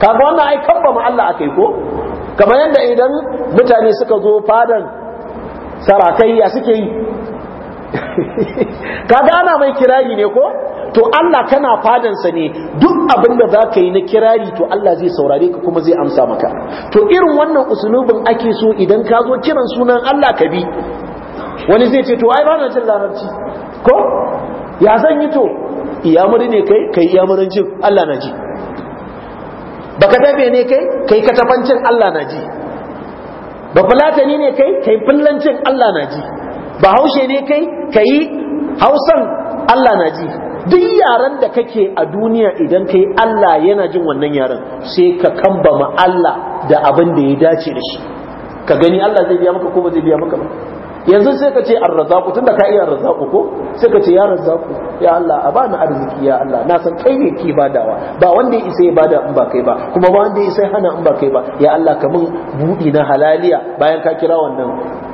kaga wannan ai kamba mu Allah akai ko kamar yanda idan mutane suka zo fadan sarakayya suke yi kaga ana mai kirari ne ko to Allah kana fadan sa ne duk abin da za yi na kirari to Allah zai saurare ka kuma zai amsa maka to irin wannan usulubin ake so idan ka zo kiran sunan Allah ka bi wani zai ce to ai bana na jin larabci ko ya zan yi to iyamuri ne kai kai iyamurin jin Allah na ji baka tabe ne kai kai katafancin Allah na ji ba fulatani ne kai kai fullancin Allah na ji ba haushe ne kai kai hausan Allah na ji duk yaran da kake a duniya idan kai Allah yana jin wannan yaran sai ka kambama Allah da abin da ya dace da shi ka gani Allah zai biya maka ko ba zai biya maka ba yanzu sai ka ce tun tunda ka iya arrazaku ko sai ka ce ya arrazaku ya Allah a bani arziki ya Allah na san kai ne ke badawa ba wanda ya isa ya bada in ba kai ba kuma ba wanda ya isa hana in ba kai ba ya Allah min budi na halaliya bayan ka kira wannan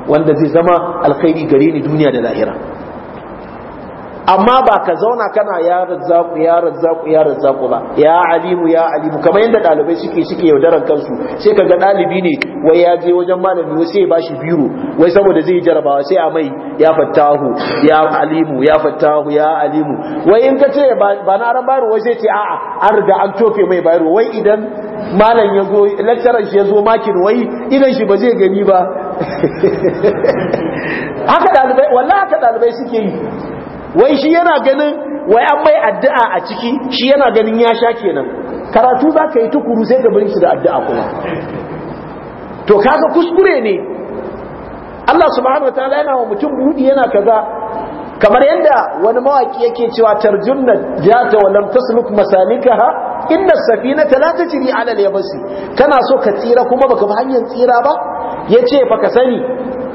wanda zai zama alkhairi gare ni duniya da lahira amma ba ka zauna kana ya razzaku ya razzaku ya razzaku ba ya alimu ya alimu kamar yadda dalibai suke suke yaudaran kansu sai kaga dalibi ne wai ya je wajen malami wai sai ya bashi biro wai saboda zai jarabawa sai a mai ya fattahu ya alimu ya fattahu ya alimu wai in ka ce ba na ran bayarwa sai ce a'a an riga an tofe mai bayarwa wai idan malam ya zo lecturer shi ya zo makin wai idan shi ba zai gani ba haka dalibai wallahi haka dalibai suke yi wai shi yana ganin wai an bai addu'a a ciki shi yana ganin ya sha kenan karatu za ka yi tukuru sai ga bari su da addu'a kuma to kaga kuskure ne Allah subhanahu wataala yana wa mutum budi yana kaza kamar yadda wani mawaki yake cewa tarjunna jata wa lam tasluk masalikaha inna safinata la tajri ala al-yabsi kana so ka tsira kuma baka ba hanyar tsira ba yace fa ka sani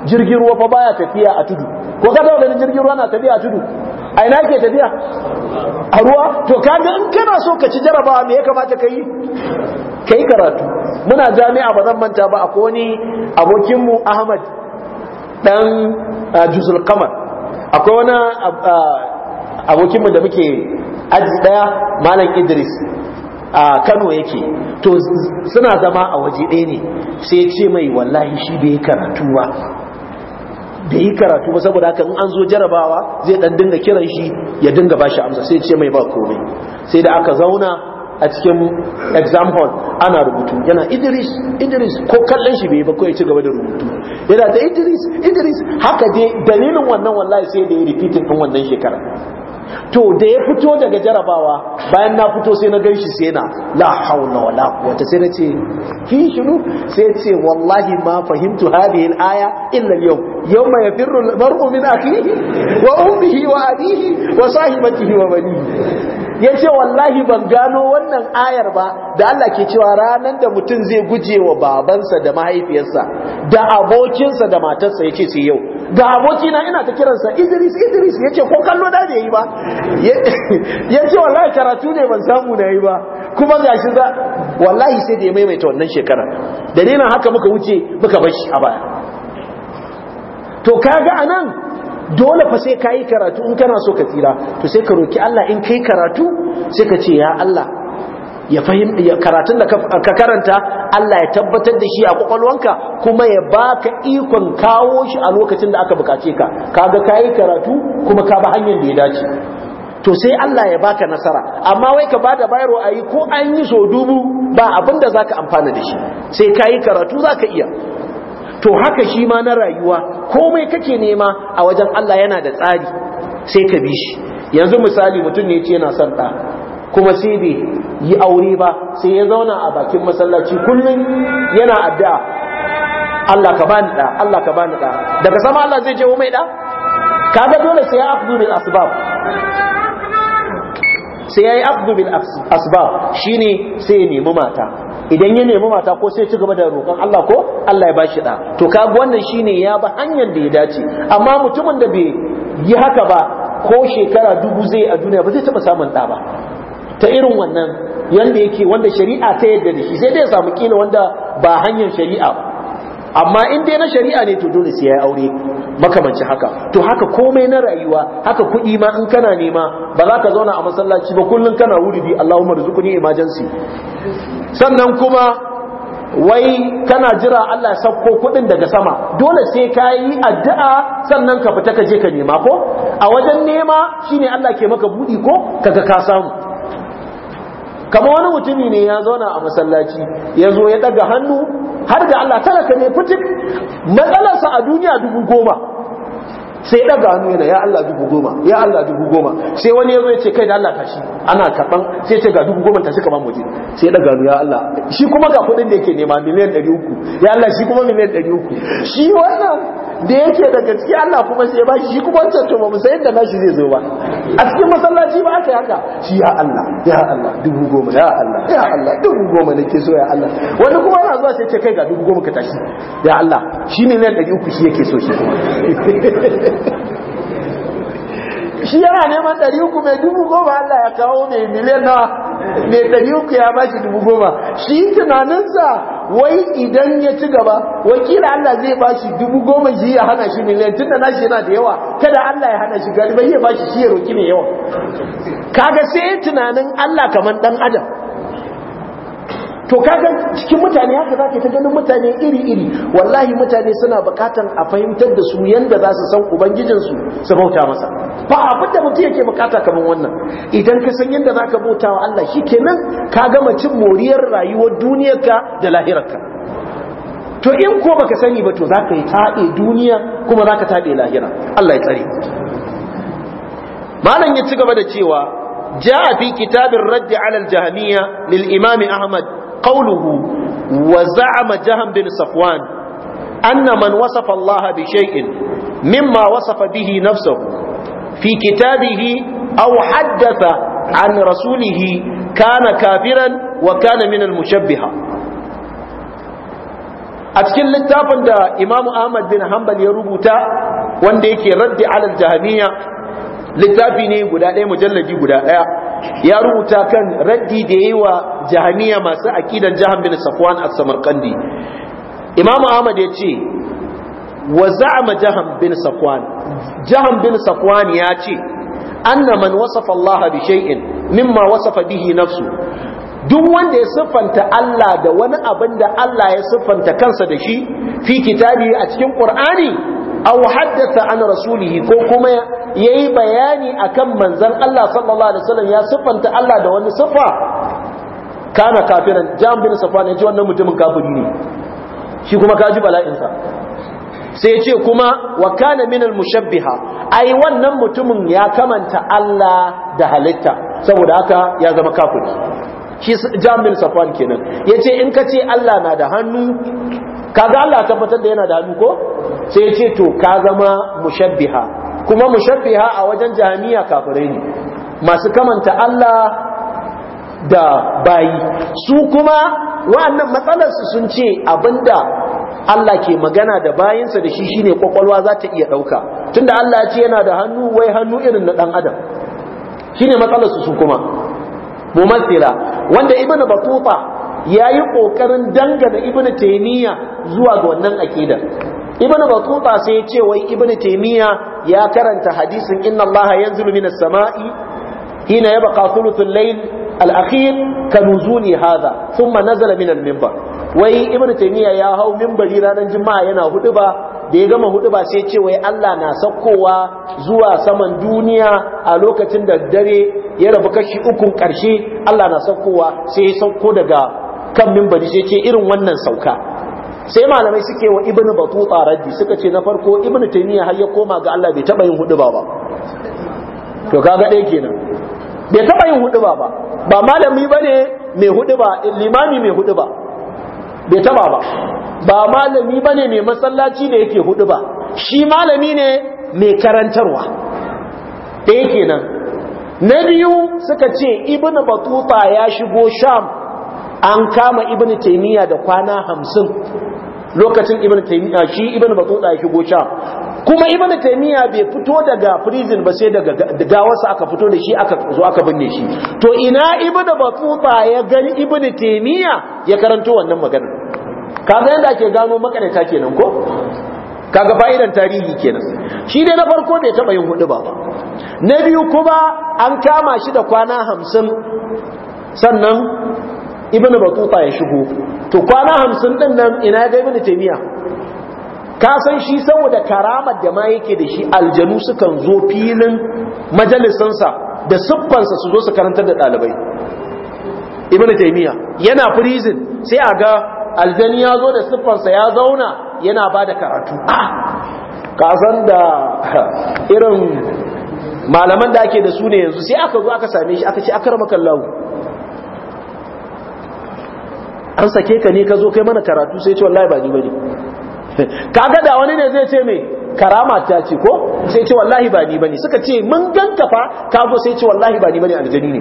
jirgin ruwa fa baya tafiya a tudu ko ka taba ganin jirgin ruwa na tafiya a tudu a ina ke tafiya a ruwa to kaga in kana so ka ci jarabawa me ya kamata ka yi ka yi karatu muna jami'a ba zan manta ba akwai wani abokinmu ahmad dan uh, juzul kamar akwai wani uh, abokinmu da muke aji daya malam idris a kano yake to suna zama a waje ɗaya ne sai ce mai wallahi shi bai karatu ba Da yi karatu ba saboda haka in an zo jarabawa zai dan dinga kiran shi ya dinga bashi amsa sai ce mai ba komai sai da aka zauna a cikin exam hall ana rubutu yana idris idris ko kallon shi bai ba ko ya ci gaba da rubutu yana da idris idris haka dai dalilin wannan wallahi sai da ya repeating din wannan shekara to da ya fito daga jarabawa bayan na fito sai na ganshi sai na la haula wala quwwata sai na ce fi shiru sai ce wallahi ma fahimtu hadhihi al-aya illa al-yawm yawma yafirru al-mar'u min akhihi wa ummihi wa abihi wa sahibatihi wa banihi yace wallahi ban gano wannan ayar ba da Allah ke cewa ranan da mutum zai guje wa babansa da mahaifiyarsa da abokinsa da matarsa yace sai yau ga abokina ina ta kiransa idris idris ya ce ko kallo da yi ba ya ce wallahi karatu ne ban samu na yi ba kuma ga shi za wallahi sai da ya maimaita wannan shekara dalilin haka muka wuce muka bashi a baya to kaga anan dole fa sai ka yi karatu in kana so ka tsira to sai ka roki Allah in ka yi karatu sai ka ce ya Allah ya ya karatun da ka karanta Allah ya tabbatar da shi a kwakwalwanka kuma ya baka ikon kawo shi a lokacin da aka bukace ka kaga kayi karatu kuma ka ba hanyar da ya dace to sai Allah ya baka nasara amma wai ka bada bayaro ayi ko an yi so dubu ba abinda da zaka amfana da shi sai kayi karatu zaka iya to haka shi ma na rayuwa komai kake nema a wajen Allah yana da tsari sai ka bi shi yanzu misali mutum ne ce yana son ɗa kuma sai bai yi aure ba sai ya zauna a bakin masallaci kullum yana addu'a Allah ka bani da Allah ka bani da daga sama Allah zai je wa mai da kaga dole sai ya afdu bil asbab sai ya yi bil asbab shine sai ya nemi mata idan ya nemi mata ko sai ya ci gaba da roƙon Allah ko Allah ya bashi da to kaga wannan shine ya ba hanyar da ya dace amma mutumin da bai yi haka ba ko shekara dubu zai a duniya ba zai taɓa samun ɗa ba ta irin wannan yanda yake wanda shari'a ta yadda da shi sai dai samu kila wanda ba hanyar shari'a amma in dai na shari'a ne to dole sai ya aure makamanci haka to haka komai na rayuwa haka kuɗi ma in kana nema ba za ka zauna a masallaci ba kullum kana umar Allahumma rizquni emergency sannan kuma wai kana jira Allah sauko kuɗin daga sama dole sai ka yi addu'a sannan ka fita ka je ka nema ko a wajen nema shine Allah ke maka buɗi ko kaga ka samu kamar wani mutumi ne ya zauna a masallaci ya zo ya daga hannu har da Allah talaka ne fitik matsalarsa a duniya dubu goma sai daga hannu yana ya Allah dubu goma ya Allah dubu goma sai wani ya zo ya ce kai da Allah shi ana kaɓan sai ce ga dubu goma shi kaman mutum sai daga hannu ya Allah shi kuma ga kudin da yake nema miliyan uku. ya Allah shi kuma miliyan uku. shi wannan da yake da gaske Allah kuma sai ba shi kuma wancan to ba mu sai da nashi zai zo ba a cikin masallaci ba aka haka shi ya Allah ya Allah dubu goma ya Allah ya Allah dubu goma nake so ya Allah wani kuma yana zuwa sai ce kai ga dubu goma ka tashi ya Allah shi miliyan ɗari uku shi yake so shi shi yana neman ɗari uku mai dubu goma Allah ya kawo mai miliyan nawa mai ɗari uku ya ba shi dubu goma shi tunaninsa wai idan ya ci gaba wakila Allah zai ba shi dubu goma shi ya hana shi miliyan tun da nashi yana da yawa kada Allah ya hana shi galibai ya ba shi shi ya roƙi mai yawa kaga sai tunanin Allah kamar ɗan adam to kaga cikin mutane haka za ka ta ganin mutane iri-iri wallahi mutane suna bukatan a fahimtar da su yanda za su san ubangijinsu su bauta masa ba abin da mutum yake bukata kamar wannan idan ka san yanda za ka bauta wa Allah shi kenan ka gama cin moriyar rayuwar duniyarka da lahirarka to in ko baka sani ba to za ka yi taɓe duniya kuma za ka taɓe lahira Allah ya tsare malam ya ci gaba da cewa جاء في كتاب الرد على الجهمية للإمام أحمد qawluhu wa za'ama bin safwan annaman man wasafa Allah bi shay'in wasafa bihi nafsuhu fi kitabihi aw haddatha an rasulihi kana kafiran wa kana min mushabbiha a cikin littafin da Imam Ahmad bin Hanbal ya rubuta wanda yake raddi alal jahmiya littafi ne guda ɗaya mujallaji guda ɗaya ya rubuta kan raddi da yayi wa jahamiya masu aƙidan jahan bin safwan as-samarqandi imam ahmad ya ce wa za'ama jahan bin safwan jahan bin safwan ya ce anna man wasafa allaha bi shay'in mimma wasafa bihi nafsu duk wanda ya siffanta Allah da wani abin da Allah ya siffanta kansa da shi fi kitabi a cikin Qur'ani aw haddatha an rasulihi ko kuma yayi bayani akan manzon Allah sallallahu alaihi wasallam ya siffanta Allah da wani siffa kana kafiran jam bin safan yace wannan mutumin kafiri ne shi kuma kaji bala'in sa sai yace kuma wa kana min al mushabbiha ai wannan mutumin ya kamanta Allah da halitta saboda haka ya zama kafiri shi jam bin safan kenan yace in kace Allah na da hannu kaga Allah tabbatar da yana da hannu ko sai ya ce to ka zama mushabbiha kuma mushabbiha a wajen jami'a kafirai ne masu kamanta Allah da bayi su kuma wa'annan matsalarsu sun ce abinda Allah ke magana da bayinsa da shi shine kwakwalwa za ta iya ɗauka tunda Allah ya ce yana da hannu wai hannu irin na ɗan adam shine matsalarsu su kuma mumathila wanda ibnu batuta ya yi ƙoƙarin dangana ibn taimiyya zuwa ga wannan akida ibn batuta sai ya ce wai ibn taimiyya ya karanta hadisin inna allaha yanzilu minas sama'i hina yabqa thuluthul layl al-akhir ka nuzuli hadha thumma nazala min al-minbar wai ibn taimiyya ya hau minbari ranar juma'a yana hudu ba da ya gama hudu ba sai ce wai Allah na saukowa zuwa saman duniya a lokacin da dare ya rabu kashi ukun karshe Allah na saukowa sai ya sauko daga kan mimbari sai ce irin wannan sauka sai malamai suke wa ibnu batuta raddi suka ce na farko ibnu taymiya har ya koma ga Allah bai taba yin hudu ba ba to kaga dai kenan bai taba yin hudu ba ba ba malami bane mai hudu ba limami mai hudu ba bai taba ba ba malami bane mai masallaci da yake hudu ba shi malami ne mai karantarwa ɗaya kenan na biyu suka ce ibn batuta ya shigo sham an kama ibn taymiya da kwana hamsin lokacin ibn taymiya shi ibn batuta ya shigo goca. kuma ibn taymiya bai fito daga prison ba sai daga gawarsa aka fito da shi aka zo aka binne shi to ina ibn batuta ya gani ibn taymiya ya karanto wannan magana kaga yanda ake gano makarata kenan ko kaga fa'idan tarihi kenan shi ne na farko bai taba yin hudu ba na biyu kuma an kama shi da kwana hamsin sannan ibn batuta ya shigo to kwana hamsin din nan ina ga ibn taymiya ka san shi saboda karamar da ma yake da shi aljanu sukan zo filin majalisansa da siffansa su zo su karantar da ɗalibai ibn taymiya yana prison sai a ga aljani ya zo da siffansa ya zauna yana bada karatu ah! ka san da irin malaman da ake da su ne yanzu sai aka zo aka same shi aka ce akarmakallahu an sake ka ne ka zo kai mana karatu sai ce wallahi ba ni bane ga da wani ne zai ce me karama ta ce ko sai ce wallahi ba ni bane suka ce mun ganka fa ka zo sai ce wallahi ba ni bane aljani ne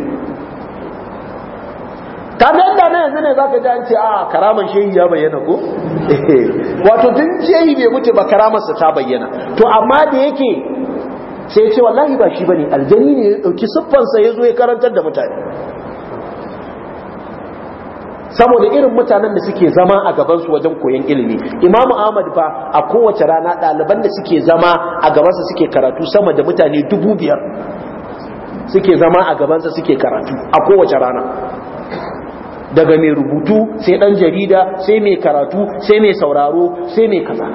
ga da ne zai ne zaka ji an ce a ah, karaman shehi ya bayyana ko wato tun shehi bai mutu ba karamarsa ta bayyana to amma da yake sai ce wallahi ba shi bane aljani ne ya dauki siffansa ya zo ya karantar da mutane saboda irin mutanen da suke zama a gabansu wajen koyon ilimi imamu ahmad fa a kowace rana ɗaliban da suke zama a gabansa suke karatu sama da mutane dubu biyar suke zama a gabansa suke karatu a kowace rana daga mai rubutu sai ɗan jarida sai mai karatu sai mai sauraro sai mai kaza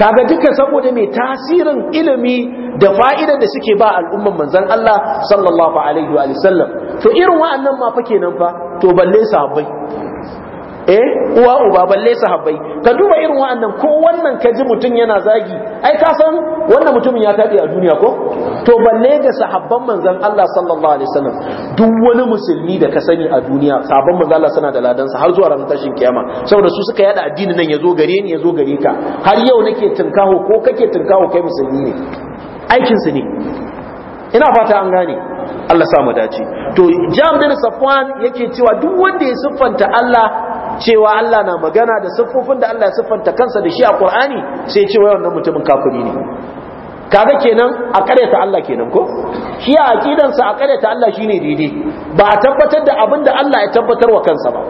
kaga duka saboda mai tasirin ilimi da fa'idar da suke ba al'umman manzan Allah sallallahu alaihi wa sallam to irin wa'annan ma fa kenan fa to balle sahabbai eh uwa uba balle sahabbai ka duba irin wa'annan ko wannan ka ji mutum yana zagi ai ka san wannan mutumin ya taɓe a duniya ko to balle ga sahabban manzon Allah sallallahu alaihi wasallam duk wani musulmi da ka sani a duniya sahabban manzon Allah suna da ladansa har zuwa ran tashin kiyama saboda su suka yada addini nan yazo gare ni yazo gare ka har yau nake tinkaho ko kake tinkaho kai musulmi ne aikin su ne ina fata an gane Allah samu dace to Jam bin Safwan yake cewa duk wanda ya siffanta Allah cewa Allah na magana da siffofin da Allah ya siffanta kansa da shi a Qur'ani sai cewa wannan mutumin kafiri ne kaga kenan a karyata Allah kenan ko shi a sa a karyata Allah shine daidai ba a tabbatar da abin da Allah ya tabbatar wa kansa ba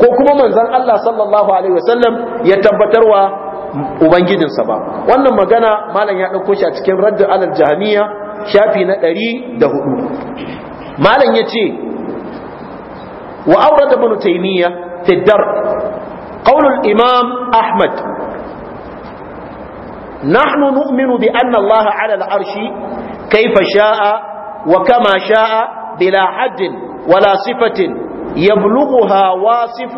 ko kuma manzon Allah sallallahu alaihi wasallam ya tabbatar wa ubangijinsa ba wannan magana malam ya dauko shi a cikin raddu alal jahmiya shafi na ɗari da hudu malam ya ce wa aurada ibn taymiya fi dar qaulul imam ahmad nahnu nu'minu bi anna allah ala al-arshi kayfa sha'a wa kama sha'a bila haddin wala sifatin يبلغها واصف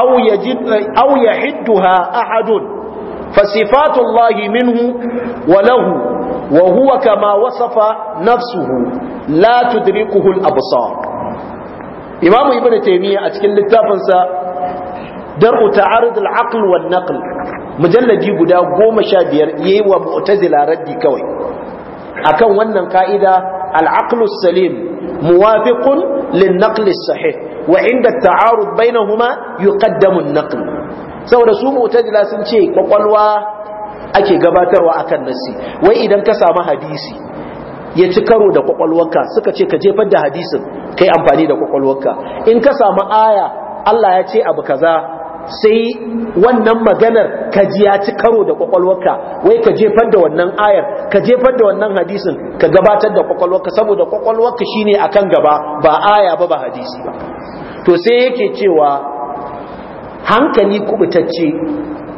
أو, يجد أو يحدها أحد فصفات الله منه وله wa huwa kama wasafa nafsuhu la tudrikuhu al-absar imamu ibnu taymiya a cikin littafinsa dar'u ta'arud al-aql wan naql mujalladi guda 15 yayi wa mu'tazila raddi kawai akan wannan ka'ida al-aql as-salim muwafiqun lin-naql as-sahih wa 'inda at-ta'arud bainahuma yuqaddamu an-naql saboda su mu'tazila sun ce kwakwalwa ake gabatarwa akan nasi. wai idan ka samu hadisi ya ci karo da kwakwalwarka suka ce ka jefar da hadisin kai amfani da kwakwalwarka in ka samu aya Allah ya ce abu kaza sai wannan maganar ka ji ya ci karo da kwakwalwarka wai ka jefar da wannan ayar ka jefar da wannan hadisin ka gabatar da kwakwalwarka saboda kwakwalwarka shine akan gaba ba aya ba ba hadisi ba to sai yake cewa hankali kubutacce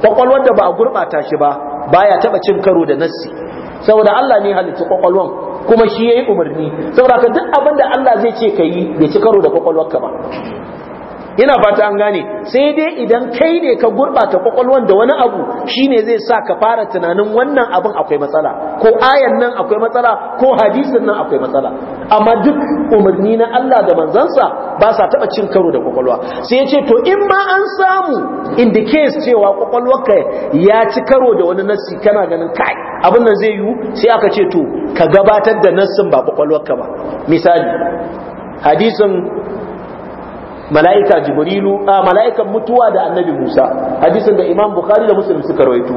kwakwalwar da ba a gurɓata shi ba baya taba cin karo da nassi saboda Allah ne halitta kwakwalwan kuma shi yayi umarni saboda ka duk abinda Allah zai ce ka yi bai ci karo da kwakwalwarka ba ina fata an gane sai dai idan kai ne ka gurbata kwakwalwan da wani abu shine zai sa ka fara tunanin wannan abin akwai matsala ko ayan nan akwai matsala ko hadisin nan akwai matsala amma duk umarni na Allah da manzansa ba sa taba cin karo da kwakwalwa sai ya ce to in ma an samu in the case cewa kwakwalwarka ya ci karo da wani nassi kana ganin kai abin nan zai yiwu sai aka ce to ka gabatar da nassin ba kwakwalwarka ba misali hadisin mala'ika jibrilu a mala'ikan mutuwa da annabi musa hadisin da imam bukhari da muslim suka rawaito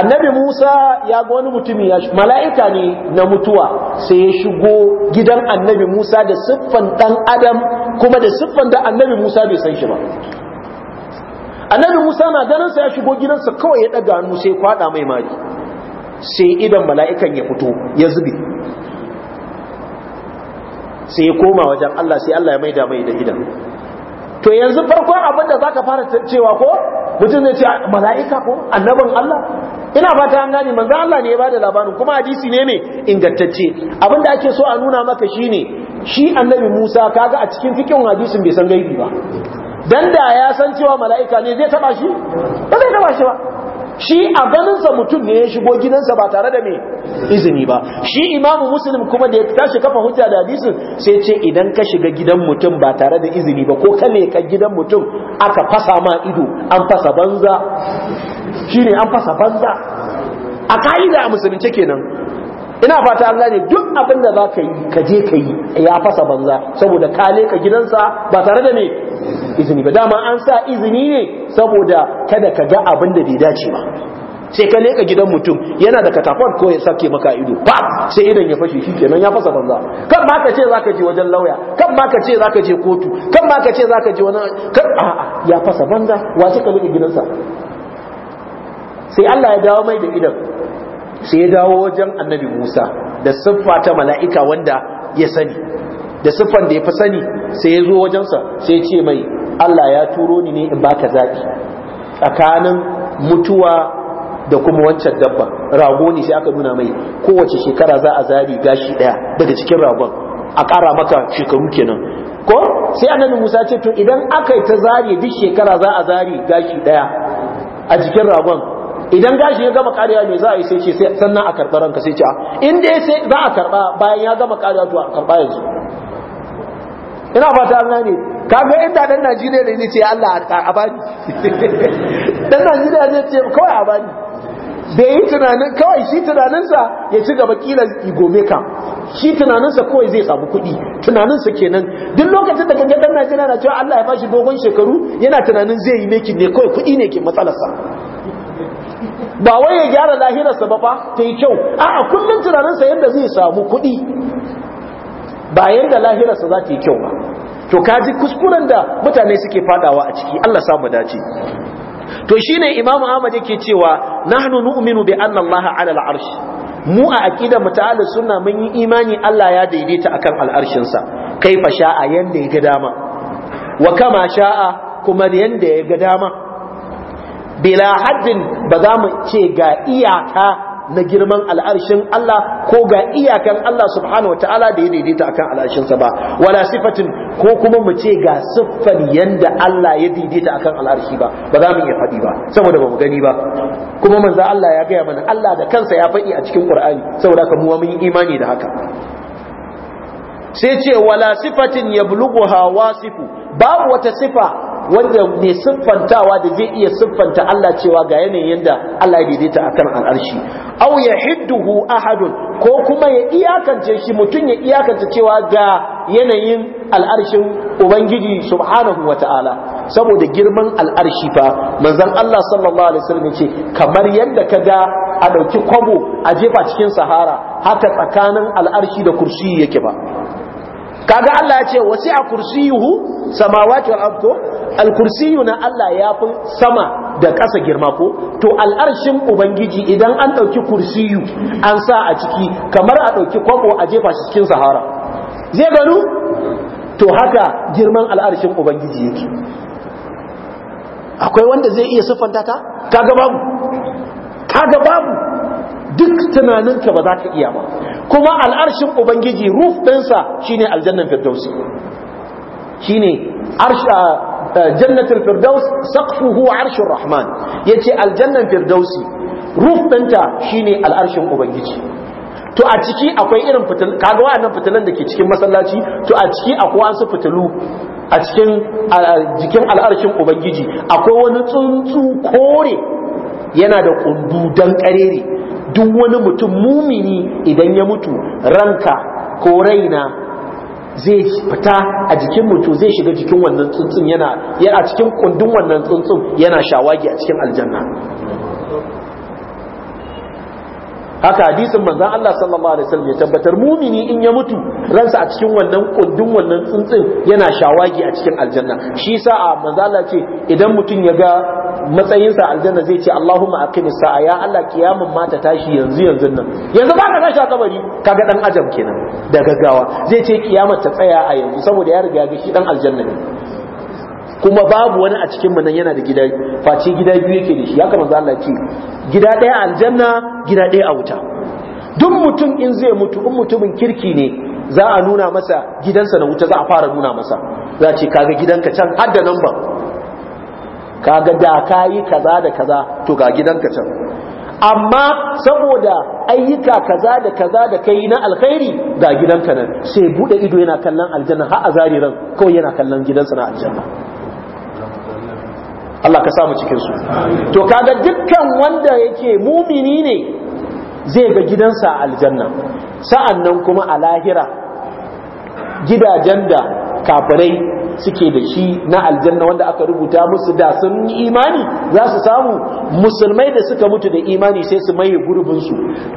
annabi musa ya ga wani mutumi ya mala'ika ne na mutuwa sai ya shigo gidan annabi musa da siffan dan adam kuma da siffan da annabi musa bai san shi ba annabi musa na ganin sa ya shigo gidansa kawai ya ɗaga hannu sai kwada mai mari sai idan mala'ikan ya fito ya zube sai ya koma wajen Allah sai Allah ya maida mai da gidan. to yanzu farko abin da zaka fara cewa ko mutum zai ce ah, mala'ika ko annaban Allah ina fata an gane manzo Allah ne ya bada labarin kuma hadisi ne ne ingantacce abin da ake so a nuna maka shine shi annabi Musa kaga a cikin fikin hadisin bai san gaibi ba dan da ya san cewa mala'ika ne zai taba shi ba zai taba shi ba shi a ganinsa mutum ne ya shigo gidansa ba tare da mai izini ba shi imamu muslim kuma da ya tashi kafa hujja da hadisin sai ce idan ka shiga gidan mutum ba tare da izini ba ko ka ka gidan mutum aka fasa ma ido an fasa banza Shi ne an fasa banza a ka'ida a musulunce kenan ina fata Allah ne duk abin da za ka yi ka je ka yi ya fasa banza saboda ka leka gidansa ba tare da me izini ba dama an sa izini ne saboda kada ka ga abin da bai dace ba sai ka leka gidan mutum yana da katafon ko ya sake maka ido ba sai idan ya fashe shi kenan ya fasa banza kan ma ka ce zaka je wajen lauya kan ma ka ce zaka je kotu kan ma ka ce zaka je wani kan a'a ya fasa banza wace ka leka gidansa sai Allah ya dawo mai da idan sai ya dawo wajen annabi Musa da siffa ta mala'ika wanda ya sani da siffan da ya fi sani sai ya zo wajensa sai ya ce mai Allah ya turo ni ne in baka zaɓi tsakanin mutuwa da kuma wancan dabba rago ne sai aka nuna mai kowace shekara za a zari gashi ɗaya daga cikin ragon a ƙara maka shekaru kenan ko sai annabi Musa ce to idan aka yi ta zari duk shekara za a zari gashi ɗaya a jikin ragon idan gashi ya gama karewa me za a yi sai ce sannan a karɓa ranka sai ce ah, in dai sai za a karɓa bayan ya gama karewa to a karɓa yanzu ina fata an ne kaga inda dan Najeriya ne ce Allah a bani dan Najeriya zai ce kawai a bani bai yi tunanin kawai shi tunaninsa ya ci gaba kila igome ka shi tunaninsa kawai zai samu kuɗi tunaninsa kenan duk lokacin da kaga dan Najeriya na cewa Allah ya bashi dogon shekaru yana tunanin zai yi mekin ne kawai kuɗi ne ke matsalarsa ba wai ya gyara lahirarsa ba fa ta yi kyau a kullum tunaninsa yadda zai samu kuɗi ba yadda lahirarsa za ta yi kyau ba to kaji kuskuren da mutane suke fadawa a ciki Allah samu dace to shi ne imamu ahmad yake cewa nahnu nu'minu bi anna allah ala al'arsh mu a aqidar mu sunna mun yi imani Allah ya daidaita akan al'arshin sa kaifa sha'a yanda ya ga dama wa kama sha'a kuma yanda ya ga dama bila haddin ba za mu ce ga iyaka na girman al'arshin Allah ko ga iyakan Allah subhanahu wataala da ya daidaita akan al'arshinsa ba wala sifatin ko kuma mu ce ga siffan yadda Allah ya daidaita akan al'arshi ba ba za mu iya faɗi ba saboda ba mu gani ba kuma manza Allah ya gaya mana Allah da kansa ya faɗi a cikin Kur'ani saboda ka muwa mun imani da haka sai ce wala sifatin ya Hawa wasifu babu wata sifa wanda mai siffantawa da zai iya siffanta Allah cewa ga yanayin yadda Allah ya daidaita akan al'arshi aw yahidduhu ahadun ko kuma ya iyakance shi mutum ya iyakance cewa ga yanayin al'arshin ubangiji subhanahu wata'ala saboda girman al'arshi fa manzon Allah sallallahu alaihi kamar yadda ka ga a dauki kwabo a jefa cikin sahara haka tsakanin al'arshi da kursi yake ba kaga Allah ya ce wasi a kursiyuhu samawati wal ardu al kursiyu na Allah ya fi sama da ƙasa girma ko to al'arshin ubangiji idan an ɗauki kursiyu an sa a ciki kamar a ɗauki kwabo a jefa shi cikin sahara zai gano to haka girman al'arshin ubangiji yake akwai wanda zai iya siffanta ta kaga babu kaga babu duk tunaninka ba za ka iya ba kuma al'arshin ubangiji ruf ɗinsa shine aljannan firdausi shine jannatul firdaus huwa arshin rahman ya ce aljannan firdausi ruf ɗinta shine al'arshin ubangiji to a ciki akwai irin fitil kaga wa'annan fitilan da ke cikin masallaci to a ciki akwai wasu fitilu a cikin jikin al'arshin ubangiji akwai wani tsuntsu kore yana da kundu dan ƙarere duk wani mutum mumini idan ya mutu ranka ko raina zai fita a jikin mutu zai shiga jikin wannan tsuntsun yana a cikin kundin wannan tsuntsun yana shawagi a cikin aljanna haka hadisin manzan Allah sallallahu alaihi wasallam ya tabbatar mumini in ya mutu ransa a cikin wannan kundin wannan tsuntsun yana shawagi a cikin aljanna shi yasa a manzon Allah ce idan mutum ya ga matsayinsa aljanna zai ce Allahumma aqimis sa'a ya Allah kiyamun mata ta tashi yanzu yanzu nan yanzu ba ka tashi a kabari kaga dan ajam kenan da gaggawa zai ce kiyamar ta tsaya a yanzu saboda ya riga ga shi dan aljanna ne kuma babu wani a cikin mu nan yana da gida face gida biyu yake da shi ya kamata Allah ce gida ɗaya aljanna gida ɗaya a wuta duk mutum in zai mutu in mutumin kirki ne za a nuna masa gidansa na wuta za a fara nuna masa za a ce kaga gidanka can har da nan kaga da ka yi kaza da kaza to ga gidanka can amma saboda ayyuka kaza da kaza da kai na alkhairi ga gidanka nan sai bude ido yana kallon aljanna har a zariran ko yana kallon gidansa na aljanna Allah ka samu cikin su to kaga dukkan wanda yake mumini ne zai ga gidansa a aljanna sa'annan kuma a lahira gidajen da kafirai suke da shi na aljanna wanda aka rubuta musu da sun yi imani za su samu musulmai da suka mutu da imani sai su maye gurbinsu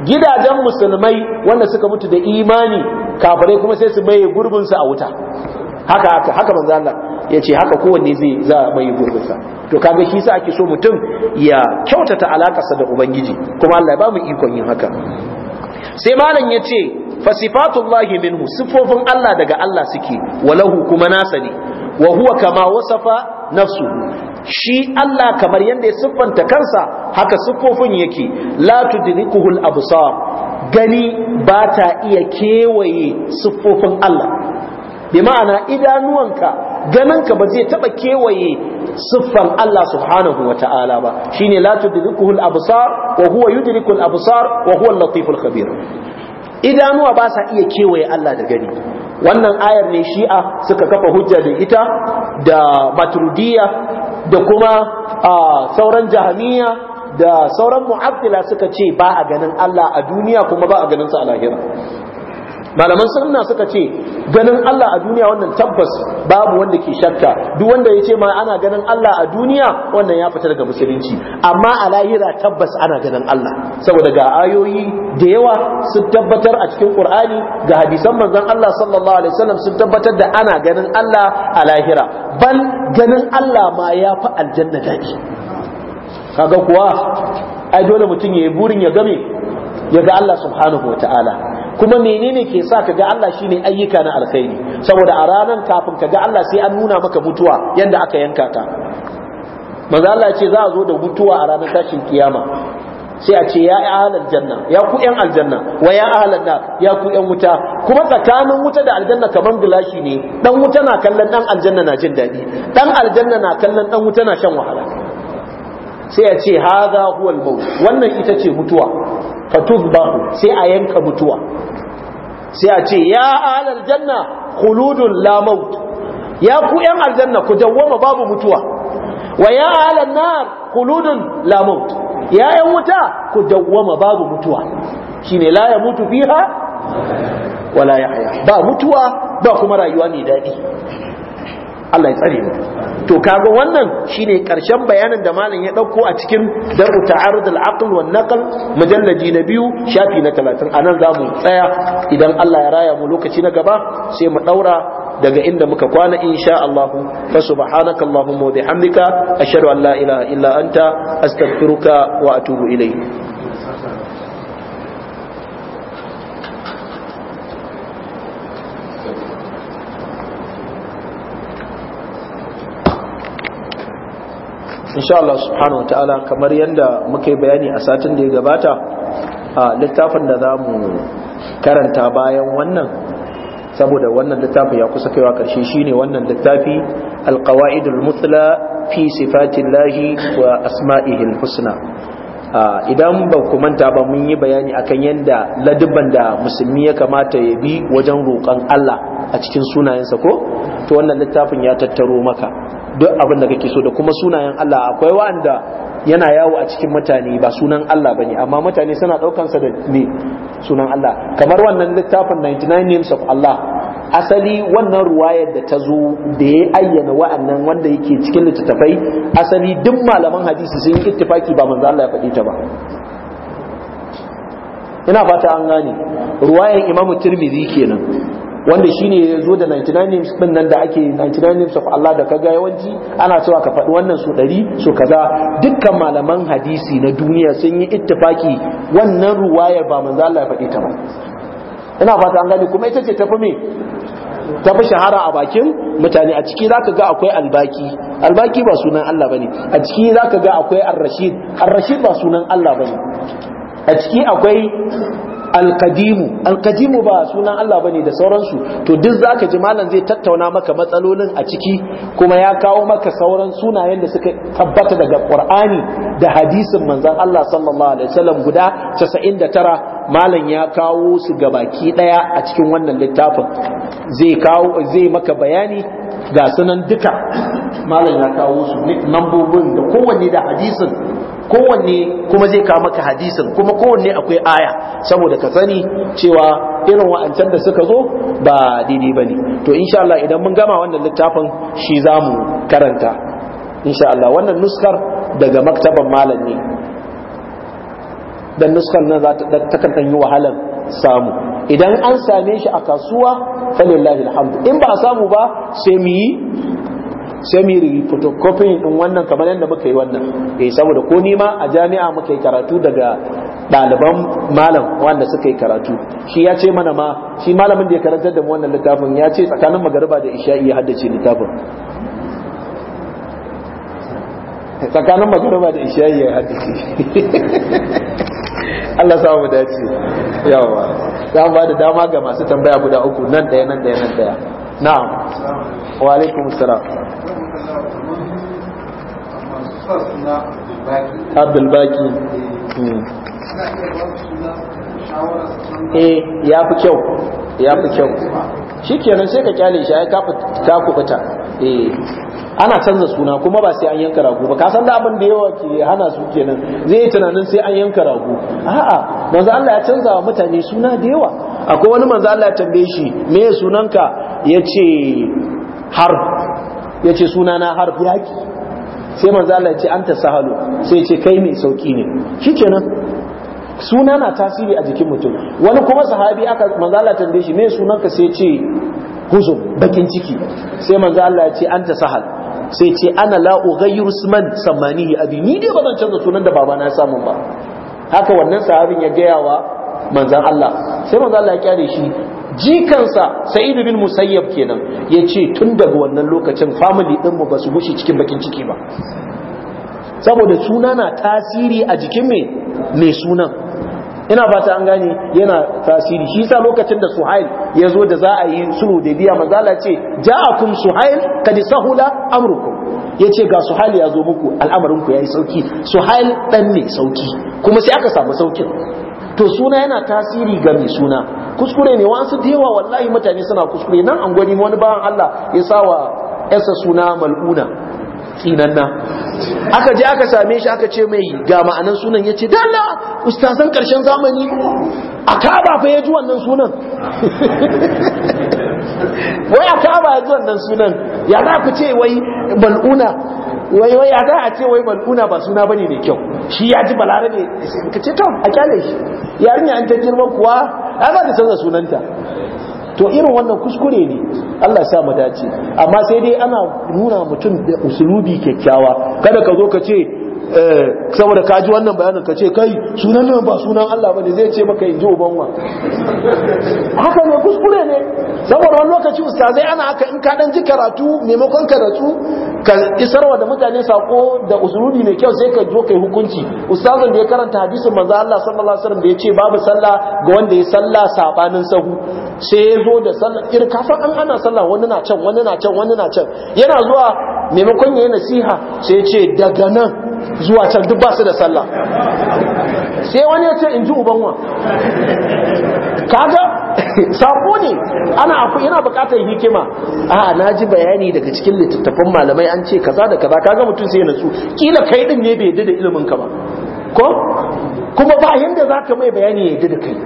gidajen musulmai wanda suka mutu da imani kafirai kuma sai su maye gurbinsu a wuta haka haka haka manzo Allah ya ce haka kowanne zai za mai gurbinsa to kaga shi sa ake so mutum ya kyautata alakarsa da ubangiji kuma Allah ya ba mu ikon yin haka sai malam ya ce fasifatullahi minhu siffofin Allah daga Allah suke walahu kuma nasa ne wa huwa kama wasafa nafsu shi Allah kamar yadda ya siffanta kansa haka siffofin yake la tudrikuhu al-absar gani ba ta iya kewaye siffofin Allah bi ma'ana idanuwanka ganinka ba zai taba kewaye siffan Allah subhanahu wa ta'ala ba shine la tudrikuhu al-absar wa huwa yudriku al-absar wa huwa al-latif al-khabir idanuwa ba sa iya kewaye Allah da gani wannan ayar ne shi'a suka kafa hujja da ita da maturidiyya da kuma sauran jahamiya da sauran mu'abdila suka ce ba a ganin Allah a duniya kuma ba a ganin sa a lahira malaman sunna suka ce ganin Allah a duniya wannan tabbas babu wanda ke shakka duk wanda ya ce ma ana ganin Allah a duniya wannan ya fita daga musulunci amma a lahira tabbas ana ganin Allah saboda ga ayoyi da yawa sun tabbatar a cikin Qur'ani ga hadisan manzon Allah sallallahu alaihi wasallam sun tabbatar da ana ganin Allah a lahira bal ganin Allah ma ya fi aljanna dadi kaga kuwa ai dole mutum ya yi burin ya game ya ga Allah subhanahu wata'ala kuma menene ke sa ka ga Allah shine ayyuka na alkhairi saboda a ranar kafin ka ga Allah sai an nuna maka mutuwa yanda aka yanka ta manzo Allah ce za a zo da mutuwa a ranar tashin kiyama sai a ce ya ahlal janna ya ku yan aljanna wa ya ahlan nar ya ku yan wuta kuma tsakanin wuta da aljanna kamar gilashi ne dan wuta na kallon dan aljanna na jin daɗi dan aljanna na kallon dan wuta na shan wahala sai ya ce haza huwal maut wannan ita ce mutuwa fatudbahu sai a yanka mutuwa sai a ce ya alal janna khuludun la maut ya ku yan aljanna ku dawwama babu mutuwa wa ya alal nar khuludun la maut ya yan wuta ku dawwama babu mutuwa shine la ya mutu fiha wala yahya ba mutuwa ba kuma rayuwa ne daɗi Allah ya tsare mu to kaga wannan shine karshen bayanin da malam ya dauko a cikin daru ta'arud al-aql wan naql mujallaji na biyu shafi na 30 anan za mu tsaya idan Allah ya raya mu lokaci na gaba sai mu daura daga inda muka kwana insha Allah fa subhanaka allahumma wa bihamdika ashhadu an la ilaha illa anta astaghfiruka wa atubu ilayk insha Allah subhanahu wa ta'ala kamar yadda muka yi bayani a satin da ya gabata a littafin da za mu karanta bayan wannan saboda wannan littafin ya kusa kaiwa karshe shine wannan littafi alqawaidul mutla fi sifatillahi wa Asma'ihil husna idan ba ku manta ba mun yi bayani akan yadda ladubban da musulmi ya kamata ya bi wajen roƙon Allah a cikin sunayensa ko to wannan littafin ya tattaro maka duk abin da kake so da kuma sunayen Allah akwai wanda yana yawo a cikin mutane ba sunan Allah bane amma mutane suna ɗaukansa da ne sunan Allah kamar wannan littafin 99 names of Allah asali wannan ruwayar da ta zo da ya ayyana wa'annan wanda yake cikin littattafai asali duk malaman hadisi sun yi ittifaki ba manzo Allah ya faɗi ta ba ina fata an gane ruwayar Imam Tirmidhi kenan wanda shine ya zo da 99 names din nan da ake 99 names of Allah da kaga yawanci ana cewa ka faɗi wannan su ɗari su kaza dukkan malaman hadisi na duniya sun yi ittifaki wannan ruwayar ba manzo Allah ya faɗi ta ba ina fata an gane kuma ita ce tafi me tafi shahara a bakin mutane a ciki zaka ga akwai albaki albaki ba sunan Allah bane a ciki zaka ga akwai ar-rashid ar-rashid ba sunan Allah bane a ciki akwai al alkadimu ba sunan Allah bane da sauransu to duk zaka ji malam zai tattauna maka matsalolin a ciki kuma ya kawo maka sauran sunayen da suka tabbata daga Qur'ani da hadisin manzon Allah sallallahu alaihi wasallam guda 99 malam ya kawo su gabaki daya a cikin wannan littafin zai kawo zai maka bayani ga sunan duka malam ya kawo su nambobin da kowanne da hadisin kowanne kuma zai kawo maka hadisin kuma kowanne akwai aya saboda ka sani cewa irin wa'ancan da suka zo ba daidai ba ne to insha Allah idan mun gama wannan littafin shi za mu karanta insha Allah wannan nuskar daga maktaban malam ne dan nuskan nan ta kan ɗan yi wahalan samu idan an same shi a kasuwa falillahi alhamdu in ba a samu ba sai mu yi sai mu yi photocopy din wannan kamar yadda muka yi wannan eh saboda ko ni ma a jami'a muka yi karatu daga ɗaliban malam wanda suka yi karatu shi ya ce mana ma shi malamin da ya karantar da mu wannan littafin ya ce tsakanin magariba da isha'i ya haddace littafin tsakanin magariba da isha'i ya haddace Allah sa mu dace yawa za mu ba da dama ga masu tambaya guda uku nan daya nan daya nan daya na'am wa alaikum assalam Abdul Baki hmm. eh ya fi kyau ya fi kyau shikenan sai ka kyale shi ai ka ta. Eh, ana canza suna kuma ba sai an yanka rago ba kasan da abin da yawa ke hana su kenan zai yi tunanin sai an yanka rago a'a manzo Allah ya canza wa mutane suna da yawa akwai wani manzo Allah ya tambaye shi me sunanka yace harb suna na harb yaki sai manzo Allah ya ce anta sahalu sai ya ce kai mai sauki ne shikenan suna na tasiri a jikin mutum wani kuma sahabi aka manzo Allah tambaye shi me sunanka sai ce huzun bakin ciki sai manzo Allah ya ce anta sahal sai ce ana la ughayyiru isman samanihi abi ni dai bazan canza sunan da babana ya samu ba haka wannan sahabin ya gaya wa manzan Allah sai manzo Allah ya kyale shi jikansa sa'id bin musayyab kenan ya ce tun daga wannan lokacin famili din mu ba su bushe cikin bakin ciki ba saboda suna na tasiri a jikin mai sunan ina fata an gane yana tasiri shi sa lokacin da suhail ya zo da za a yi sulhu da biya mazala ce 'Ja a kun suhail kad sahula Ya ce, ga suhail ya zo muku al'amarinku ya yi sauki suhail ɗan ne sauki kuma sai aka samu saukin to suna yana tasiri ga mai suna kuskure ne wasu da yawa wallahi mutane suna kuskure nan an gwani wani bawan Allah ya sa wa yasa suna mal'una nan aka je aka same shi aka ce mai ga ma'anan sunan ya ce dala ustazan karshen zamani a kaba fa ya ji wannan sunan wai a kaba ya ji wannan sunan ya za ku ce wai bal'una wai wai ya za a ce wai bal'una ba suna bane ne kyau shi ya ji ne, ka ce to a kyale shi yarinya an ta girma kuwa ya za ta canza sunanta to irin wannan kuskure ne Allah sa mu dace amma sai dai ana nuna mutum da usulubi kyakkyawa kada ka zo ka ce Eh, saboda ka ji wannan bayanin ka ce kai sunan nan ba sunan Allah ba ne zai ce maka in ji ubanwa haka ne kuskure ne saboda wani lokaci ustazai ana haka in ka dan ji karatu maimakon karatu ka isarwa da mutane sako da usuludi mai kyau sai ka jo kai hukunci ustazan da ya karanta hadisin manzo Allah sallallahu alaihi wasallam da ya ce babu sallah ga wanda ya sallah sabanin sahu sai ya zo da sallah an ana sallah wani na can wani na can wani na can yana zuwa maimakon ya yi nasiha sai ya ce daga nan zuwa can duk basu da sallah sai wani ya ce in ji ubanwa kaga sabo ne ana aku yana bukatar hikima a na ji bayani daga cikin littattafan malamai an ce kaza da kaza kaga mutum sai ya natsu kila kai din ne bai yadda da ilimin ka ba ko kuma ba yanda za ka mai bayani ya yadda da kai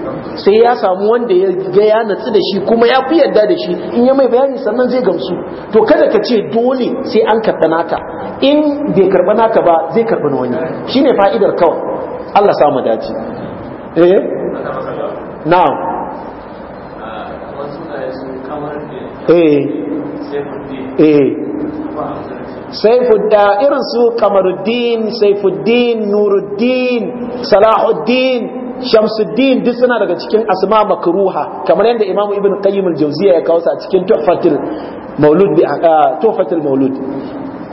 sai ya samu wanda ya ga ya natsu da shi kuma ya fi yadda da shi in ya mai bayani sannan zai gamsu to kada ka ce dole sai an karɓa naka in bai karɓa naka ba zai karɓi wani shine fa'idar kawai Allah sa mu dace eh saifudda eh. saifuddin irin su kamaruddin saifuddin nuruddin salahuddin shamsuddin duk suna daga cikin asma makruha kamar yadda imamu ibn qayyim al jawziyya ya kawo sa cikin tuhfatul maulud bi tuhfatul maulud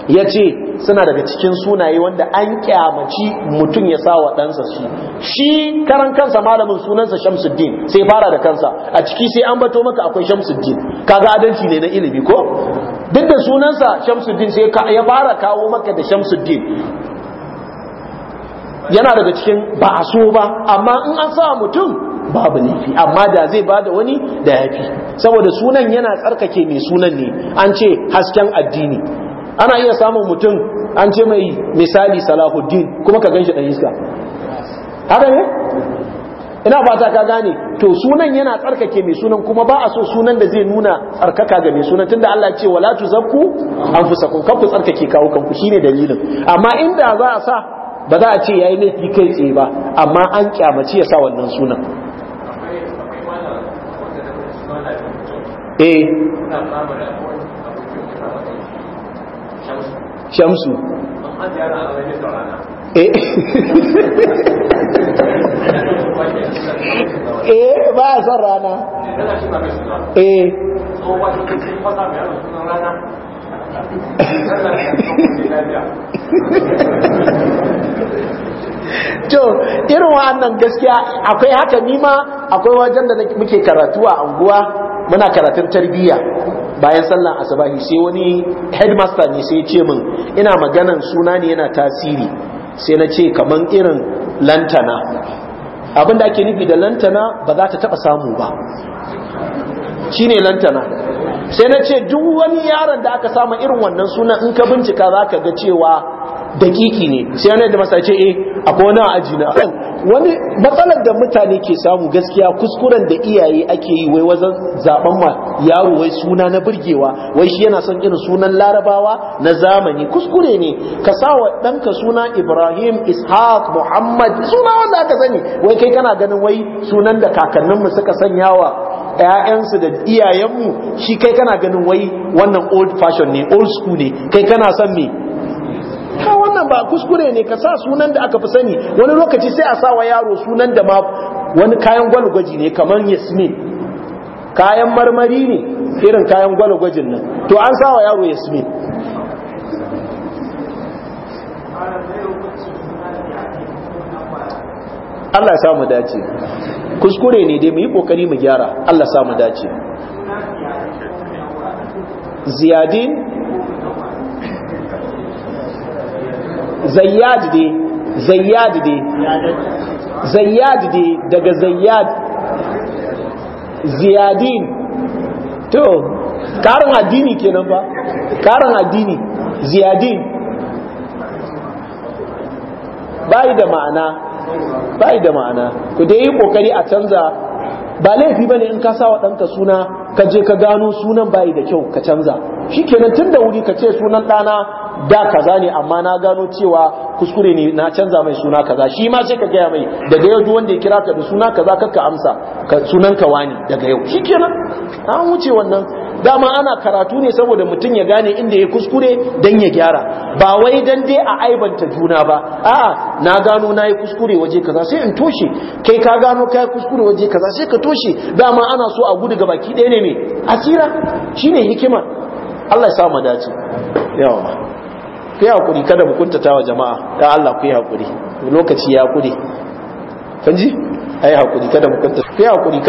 yace suna daga cikin sunaye wanda an kyamaci mutum ya sa wa ɗansa su shi karan kansa malamin sunansa shamsuddin sai fara da kansa a ciki sai an bato maka akwai shamsuddin kaga adalci ne na ilimi ko duk da sunansa shamsuddin sai ya fara kawo maka da shamsuddin yana daga cikin ba a so ba amma in an sa mutum babu laifi amma da zai ba da wani da yafi saboda sunan yana tsarkake mai sunan ne an ce hasken addini ana iya samun mutum an ce mai misali salahuddin kuma ka ganshi dan iska haka ne ina ta ka gane to sunan yana tsarkake mai sunan kuma ba a so sunan da zai nuna tsarkaka ga mai sunan tunda Allah ce wala tuzakku anfusakum kan ku tsarkake kawo kanku shine dalilin amma inda za a sa ba za a ce yayi laifi kai tsaye ba amma an kyamace ya sa wannan sunan eh shamsu eh. eh ba a son rana eh to irin wa'annan gaskiya akwai haka nima akwai wajen da muke karatu a anguwa muna karatun tarbiyya bayan sallan asabahi sai wani headmaster ne sai ce min ina maganan suna ne yana tasiri sai na ce kaman irin lantana abinda ake nufi da lantana ba za ta taba samu ba Shi ne lantana sai na ce duk wani yaron da aka samu irin wannan suna in ka bincika za ka ga cewa dakiki ne sai yana da masa ce eh akwai wani aji na wani matsalar da mutane ke samu gaskiya kuskuren da iyaye ake yi wai wajen zaben ma yaro wai suna na burgewa wai shi yana son irin sunan larabawa na zamani kuskure ne ka sa wa ɗanka suna ibrahim ishaq muhammad suna wanda aka sani wai kai kana ganin wai sunan da kakanninmu suka sanya wa ƴaƴansu da iyayenmu shi kai kana ganin wai wannan old fashion ne old school ne kai kana son me ka wannan ba kuskure ne ka sa sunan da aka fi sani wani lokaci sai a sa wa yaro sunan da ma wani kayan gwalgwaji ne kamar yasmin kayan marmari ne irin kayan gwalgwajin nan to an sa wa yaro yasmin Allah ya samu dace kuskure ne dai mu yi kokari mu gyara Allah ya samu dace ziyadin zayyad dai daga zayyad ziyadin to karin addini kenan ba karin addini ziyadin bai da ma'ana bai da ma'ana ku dai yi kokari a canza ba laifi ba ne in ka sa wa ɗanka suna ka je ka gano sunan bai da kyau ka canza shi kenan tun da wuri ka ce sunan ɗana da kaza ne amma na gano cewa kuskure ne na canza mai suna kaza shi ma sai ka gaya mai daga yau wanda ya kira ka da suna kaza kakka amsa ka sunan ka wani daga yau kenan an wuce wannan dama ana karatu ne saboda mutum ya gane inda ya kuskure dan ya gyara ba wai dan dai a aibanta juna ba a'a na gano na yi kuskure waje kaza sai in toshe kai ka gano ka yi kuskure waje kaza sai ka toshe dama ana so a gudu gaba baki ɗaya ne me asira shine hikima Allah ya sa mu dace yawa ku yi hakuri kada mu kuntata wa jama'a dan Allah ku yi hakuri lokaci ya kure kanji ai hakuri kada mu kuntata ku hakuri